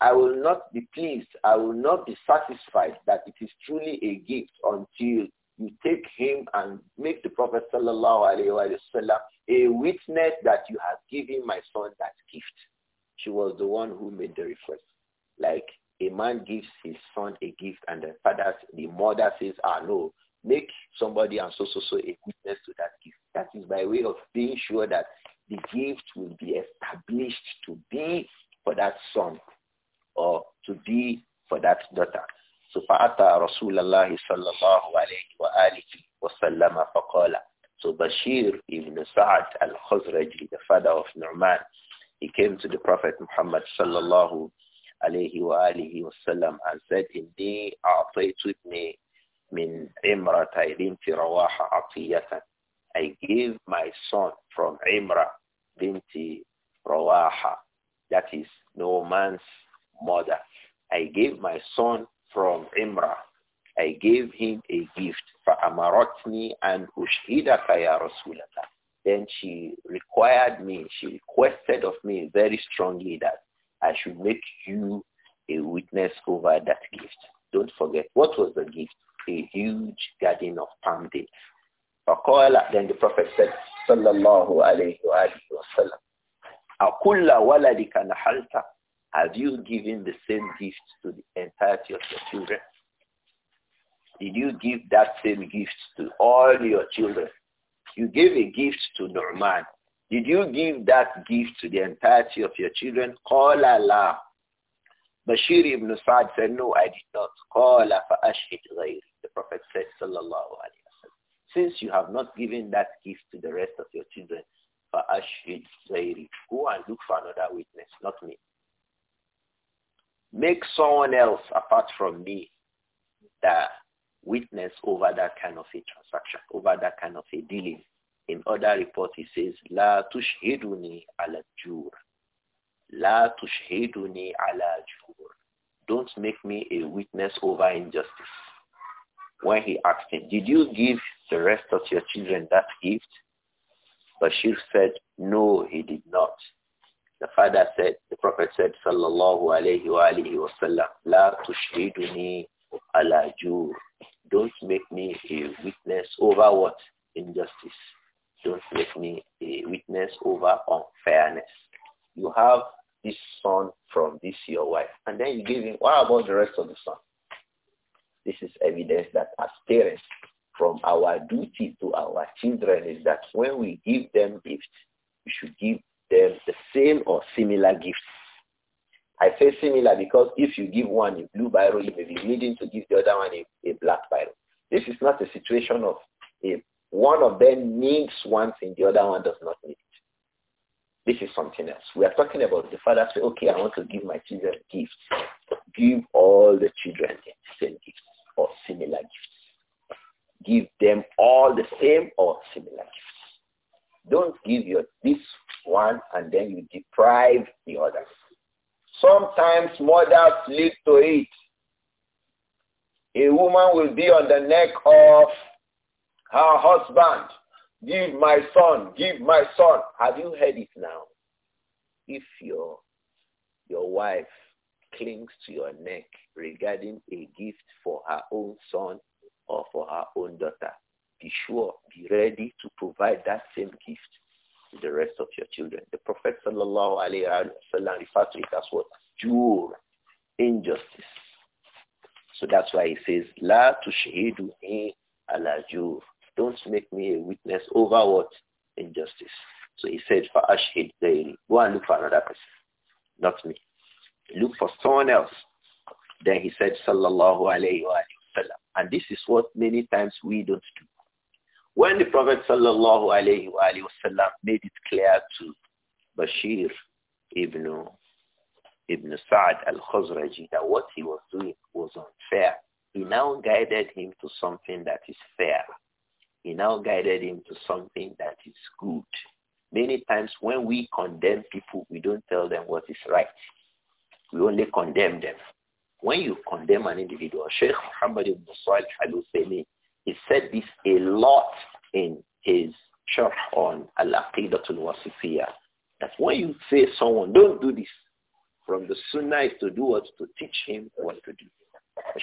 Speaker 1: I will not be pleased. I will not be satisfied that it is truly a gift until you take him and make the Prophet sallallahu alaihi wasallam a witness that you have given my son that gift. She was the one who made the request. Like a man gives his son a gift and the father, the mother says, ah no, make somebody and so so so a witness to that gift. That is by way of being sure that the gift will be established to be for that son or to be for that daughter. So فأتى رسول الله صلى فقال So Bashir ibn Sa'ad al-Khazraji, the father of Nu'man, he came to the Prophet Muhammad sallallahu alayhi wa alihi and said, Inni أعطيتُ إبنَيَ مِنْ عِمْرَةٍ binti rawaha عَطِيَةٍ I gave my son from Imra binti Rawaha. That is no man's mother. I gave my son from Imra. I gave him a gift. for Amarotni and Ushida kaya رَسُولَكَ Then she required me, she requested of me very strongly that I should make you a witness over that gift. Don't forget, what was the gift? A huge garden of palm dates. Then the Prophet said, Sallallahu alayhi wa sallam, أَكُلَّ وَلَدِكَ نَحَلْتَ have you given the same gift to the entirety of your children? Did you give that same gift to all your children? You gave a gift to Norman. Did you give that gift to the entirety of your children? Call Allah. Bashir ibn Sa'd said, no, I did not. Qala fa'ashhid ghayr. The Prophet said, sallallahu alayhi wa Since you have not given that gift to the rest of your children, fa'ashhid Go and look for another witness, not me. Make someone else apart from me the witness over that kind of a transaction, over that kind of a dealing. In other report, he says, La tushhiduni ala jur. La tushhiduni ala jur. Don't make me a witness over injustice. When he asked him, did you give the rest of your children that gift? Bashir said, no, he did not. The father said, the Prophet said, Sallallahu alayhi wa alihi wa sallam, La ala jur. Don't make me a witness over what? Injustice. Don't make me a witness over unfairness. You have this son from this your wife. And then you give him, what about the rest of the son? This is evidence that as parents, from our duty to our children is that when we give them gifts, we should give them the same or similar gifts. I say similar because if you give one a blue biro, you may be needing to give the other one a, a black biro. This is not a situation of a, one of them needs one thing, the other one does not need it. This is something else. We are talking about the father say, okay, I want to give my children gifts. Give all the children the same gifts or similar gifts. Give them all the same or similar gifts. Don't give your, this one and then you deprive the other. Sometimes mothers lead to it. A woman will be on the neck of her husband. Give my son, give my son. Have you heard it now? If your, your wife clings to your neck regarding a gift for her own son or for her own daughter, be sure, be ready to provide that same gift to the rest of your children. The Prophet sallallahu alaihi wasallam refers to it as what? Jur, injustice. So that's why he says, La tushidu ala jur. Don't make me a witness over what? Injustice. So he said, for ashhid daily. Go and look for another person. Not me. Look for someone else. Then he said, sallallahu alaihi wa sallam. And this is what many times we don't do. When the Prophet sallallahu alayhi wa made it clear to Bashir ibn, ibn Sa'd al-Khazraji that what he was doing was unfair, he now guided him to something that is fair. He now guided him to something that is good. Many times when we condemn people, we don't tell them what is right. We only condemn them. When you condemn an individual, Sheikh Muhammad ibn Salih al-Uthaymeen, he said this a lot in his sharh on Al-Aqidatul Wasifiyah. That when you say someone, don't do this, from the sunnah is to do what? To teach him what to do.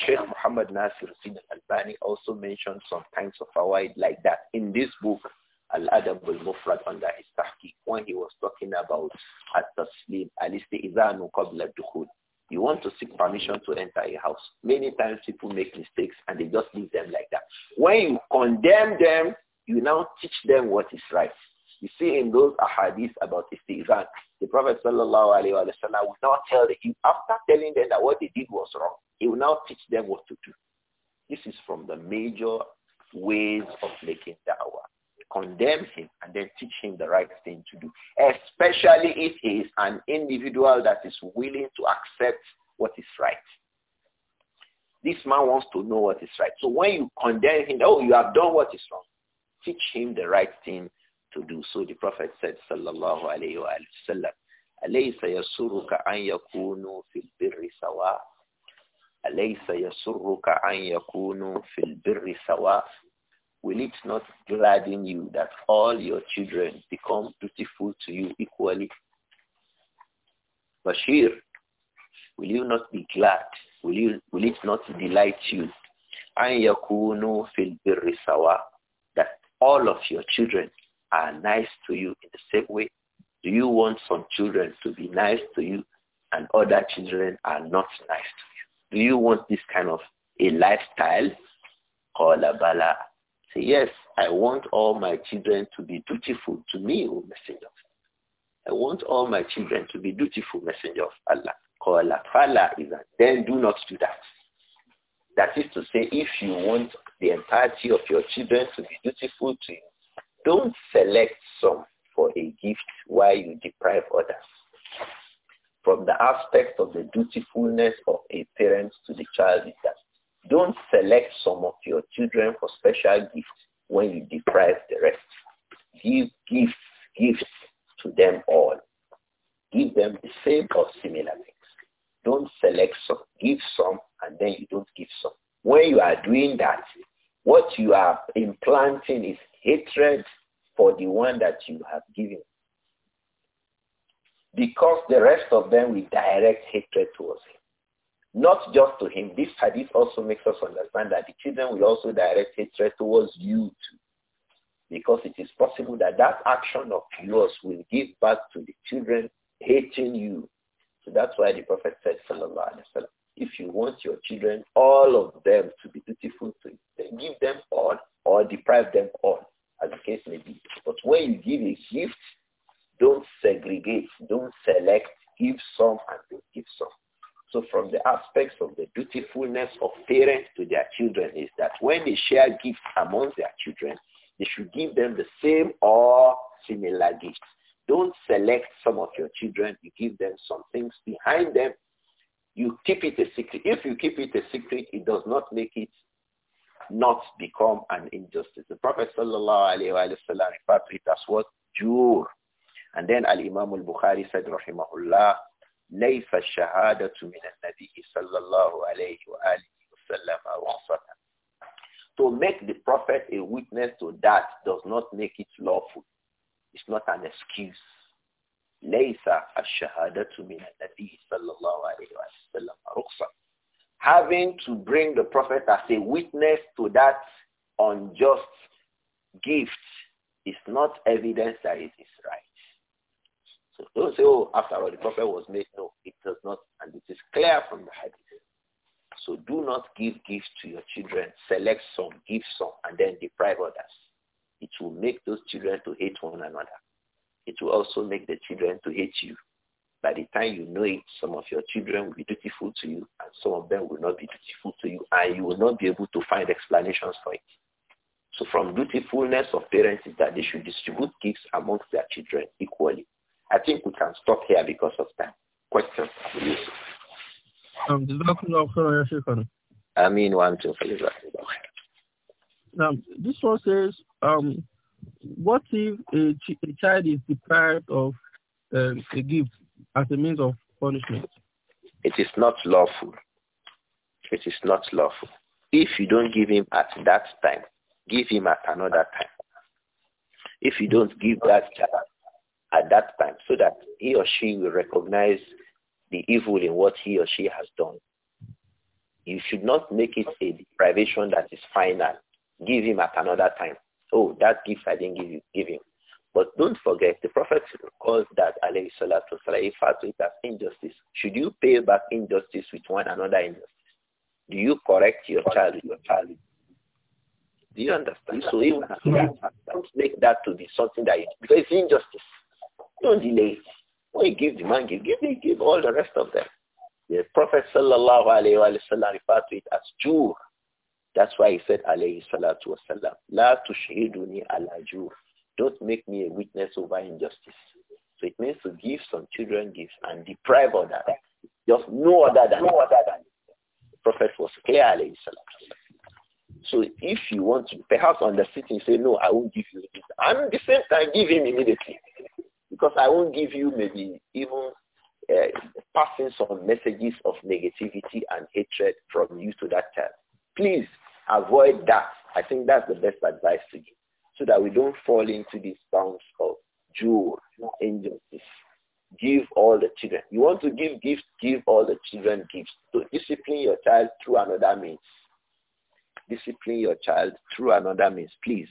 Speaker 1: Sheikh Muhammad Nasir Sin al-Albani also mentioned some kinds of fawaid like that in this book, Al-Adab al-Mufrad under his tahqiq, when he was talking about at-taslim al-isti'izanu qabla dukhul. You want to seek permission to enter a house. Many times people make mistakes and they just leave them like that. When you condemn them, you now teach them what is right. You see in those ahadith about istizan, the Prophet sallallahu alaihi wasallam will now tell them, after telling them that what they did was wrong, he will now teach them what to do. This is from the major ways of making da'wah condemn him and then teach him the right thing to do, especially if he is an individual that is willing to accept what is right. This man wants to know what is right. So when you condemn him, oh, you have done what is wrong, teach him the right thing to do. So the Prophet said, sallallahu alayhi wasallam, sallam, أليس يسرك أن يكونوا في البر سواء أليس يسرك أن يكونوا في البر سواء Will it not gladden you that all your children become dutiful to you equally? Bashir, will you not be glad? Will, you, will it not delight you? An yakunu fil birri sawa. That all of your children are nice to you in the same way. Do you want some children to be nice to you and other children are not nice to you? Do you want this kind of a lifestyle? Qala bala say, yes, I want all my children to be dutiful to me, O Messenger. I want all my children to be dutiful, Messenger of Allah. Qala fala is that. Then do not do that. That is to say, if you want the entirety of your children to be dutiful to you, don't select some for a gift while you deprive others. From the aspect of the dutifulness of a parent to the child is that don't select some of your children for special gifts when you deprive the rest. Give gifts, gifts to them all. Give them the same or similar things. Don't select some, give some, and then you don't give some. When you are doing that, what you are implanting is hatred for the one that you have given. Because the rest of them will direct hatred towards him. Not just to him. This hadith also makes us understand that the children will also direct hatred towards you too. Because it is possible that that action of yours will give back to the children hating you. So that's why the Prophet said, Sallallahu Alaihi Wasallam, if you want your children, all of them to be dutiful to you, then give them all or deprive them all, as the case may be. But when you give a gift, don't segregate, don't select, give some and don't give some. So from the aspects of the dutifulness of parents to their children is that when they share gifts amongst their children, they should give them the same or similar gifts. Don't select some of your children. You give them some things behind them. You keep it a secret. If you keep it a secret, it does not make it not become an injustice. The Prophet referred to it as what? Jur. And then Al-Imam al-Bukhari said, rahimahullah, ليس الشهادة من النبي صلى الله عليه وآله وسلم وصفا. To make the prophet a witness to that does not make it lawful. It's not an excuse. ليس الشهادة من النبي صلى الله عليه وسلم رخصة. Having to bring the prophet as a witness to that unjust gift is not evidence that it is right. So don't say, oh, after all, the prophet was made. No, it does not, and it is clear from the hadith. So do not give gifts to your children. Select some, give some, and then deprive others. It will make those children to hate one another. It will also make the children to hate you. By the time you know it, some of your children will be dutiful to you, and some of them will not be dutiful to you, and you will not be able to find explanations for it. So from dutifulness of parents is that they should distribute gifts amongst their children equally. I think we can stop here because of time. Questions, please. Um, I mean, one, two, three, now, this one says, um, what if a, ch a, child is deprived of um, a gift as a means of punishment? It is not lawful. It is not lawful. If you don't give him at that time, give him at another time. If you don't give that child at that time so that he or she will recognize the evil in what he or she has done. You should not make it a deprivation that is final. Give him at another time. Oh, that gift I didn't give, you, give him. But don't forget, the Prophet calls that, alayhi salatu referred to it as injustice. Should you pay back injustice with one another injustice? Do you correct your child with your child? Do you understand? So even don't make that to be something that you, because it's injustice. Don't delay. Why give the man give, give, give all the rest of them. The Prophet sallallahu alayhi wa sallam referred to it as jur. That's why he said alayhi salatu wasallam, la tushhiduni ala jur. Don't make me a witness over injustice. So it means to give some children gifts and deprive others. Just no other than no other than the Prophet was clear alayhi salatu So if you want to perhaps on the sitting say, no, I won't give you this. And at the same time, give him immediately. Because I won't give you maybe even uh, passing some messages of negativity and hatred from you to that child. Please avoid that. I think that's the best advice to give so that we don't fall into these bounds of not injustice. Give all the children. You want to give gifts, give all the children gifts. So discipline your child through another means. Discipline your child through another means, please.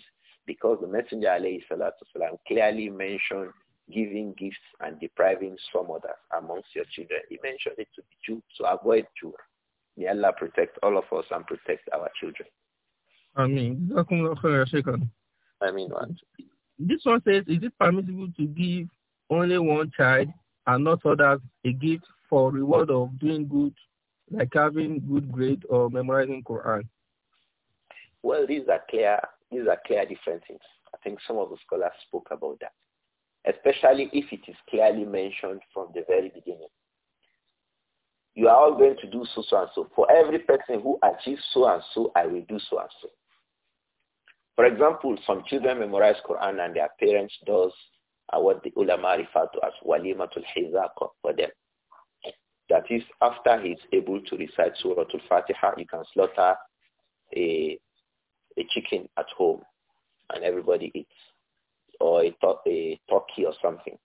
Speaker 1: Because the Messenger alayhi salatu salam, clearly mentioned giving gifts and depriving some others amongst your children. He mentioned it to be Jew, so avoid Jew. May Allah protect all of us and protect our children. I mean, I mean This one says, is it permissible to give only one child and not others a gift for reward of doing good, like having good grade or memorizing Quran? Well, these are clear. These are clear differences. I think some of the scholars spoke about that especially if it is clearly mentioned from the very beginning. You are all going to do so, so and so. For every person who achieves so and so, I will do so and so. For example, some children memorize Quran and their parents does what the ulama refer to as walimatul hizaqa for them. That is, after he's able to recite Surah Al-Fatiha, you can slaughter a, a chicken at home and everybody eats or a, a turkey or something.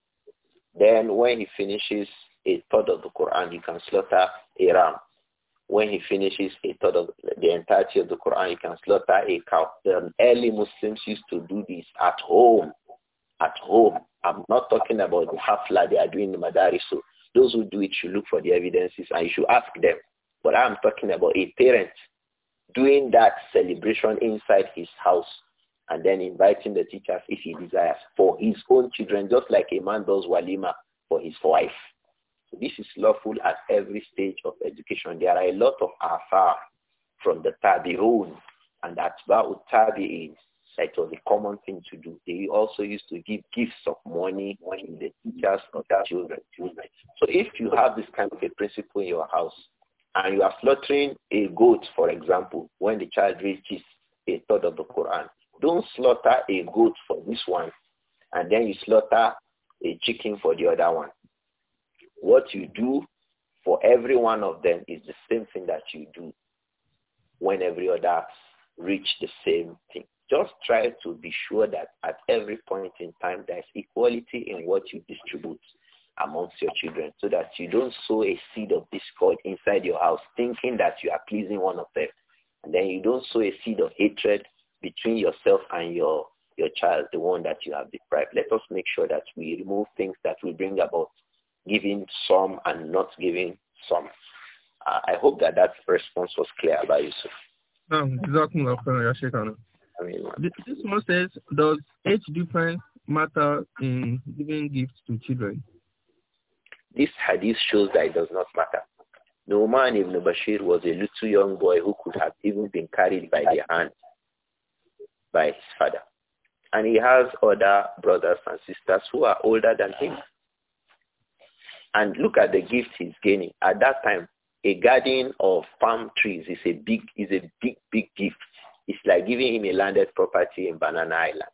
Speaker 1: Then when he finishes a third of the Quran, he can slaughter a ram. When he finishes a third of the entirety of the Quran, he can slaughter a cow. The early Muslims used to do this at home. At home. I'm not talking about the hafla they are doing in Madari. So those who do it should look for the evidences and you should ask them. But I'm talking about a parent doing that celebration inside his house and then inviting the teachers if he desires for his own children, just like a man does walima for his wife. So this is lawful at every stage of education. There are a lot of afar from the tabi'un and atba'u tabi'in. is was a common thing to do. They also used to give gifts of money to the teachers of their children. So if you have this kind of a principle in your house, and you are slaughtering a goat, for example, when the child reaches a third of the Quran, don't slaughter a goat for this one and then you slaughter a chicken for the other one. What you do for every one of them is the same thing that you do when every other reach the same thing. Just try to be sure that at every point in time there's equality in what you distribute amongst your children so that you don't sow a seed of discord inside your house thinking that you are pleasing one of them. And then you don't sow a seed of hatred between yourself and your, your child, the one that you have deprived. Let us make sure that we remove things that will bring about giving some and not giving some. Uh, I hope that that response was clear by Yusuf. Um, uh, this one says, does age difference matter in giving gifts to children? This hadith shows that it does not matter. Nu'man ibn Bashir was a little young boy who could have even been carried by the hand by his father. And he has other brothers and sisters who are older than him. And look at the gift he's gaining. At that time, a garden of palm trees is a big, is a big, big gift. It's like giving him a landed property in Banana Island.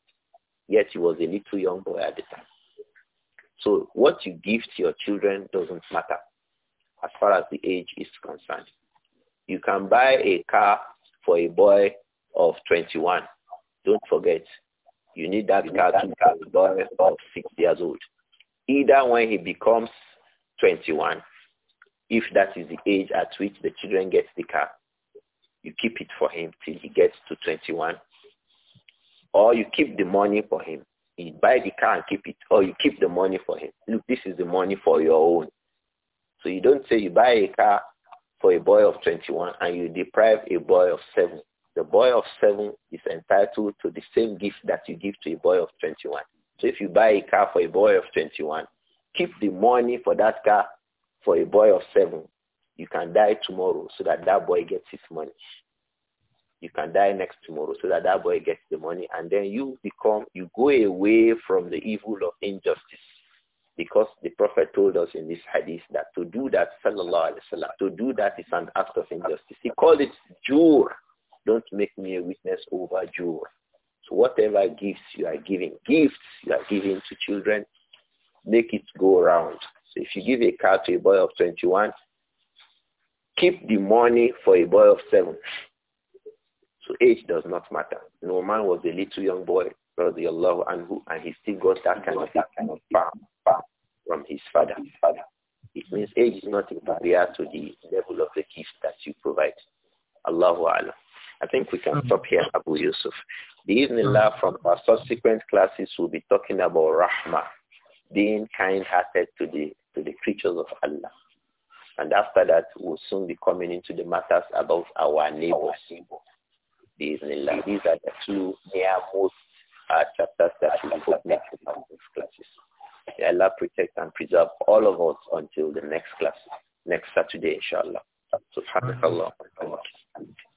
Speaker 1: Yet he was a little young boy at the time. So what you give to your children doesn't matter as far as the age is concerned. You can buy a car for a boy of 21 don't forget, you need that car to a boy of six years old. Either when he becomes 21, if that is the age at which the children get the car, you keep it for him till he gets to 21. Or you keep the money for him. You buy the car and keep it. Or you keep the money for him. Look, this is the money for your own. So you don't say you buy a car for a boy of 21 and you deprive a boy of 7 the boy of 7 is entitled to the same gift that you give to a boy of 21. So if you buy a car for a boy of 21, keep the money for that car for a boy of 7. You can die tomorrow so that that boy gets his money. You can die next tomorrow so that that boy gets the money. And then you become, you go away from the evil of injustice. Because the Prophet told us in this hadith that to do that, sallallahu alayhi wa sallam, to do that is an act of injustice. He called it jur. Don't make me a witness over you. So whatever gifts you are giving, gifts you are giving to children, make it go around. So if you give a car to a boy of 21, keep the money for a boy of 7. So age does not matter. Norman was a little young boy, brother Allah, and he still got that kind of, that kind of farm from his father. His father. It means age is not a barrier to the level of the gift that you provide. Allahu Alam. I think we can mm. stop here, Abu Yusuf. The Bismillah mm. from our subsequent classes, will be talking about Rahmah, being kind-hearted to the, to the creatures of Allah. And after that, we'll soon be coming into the matters about our neighbors. Bismillah. These are the two near most uh, chapters that we will make in these classes. May Allah protect and preserve all of us until the next class, next Saturday, inshallah. سبحانك اللهم وبحمدك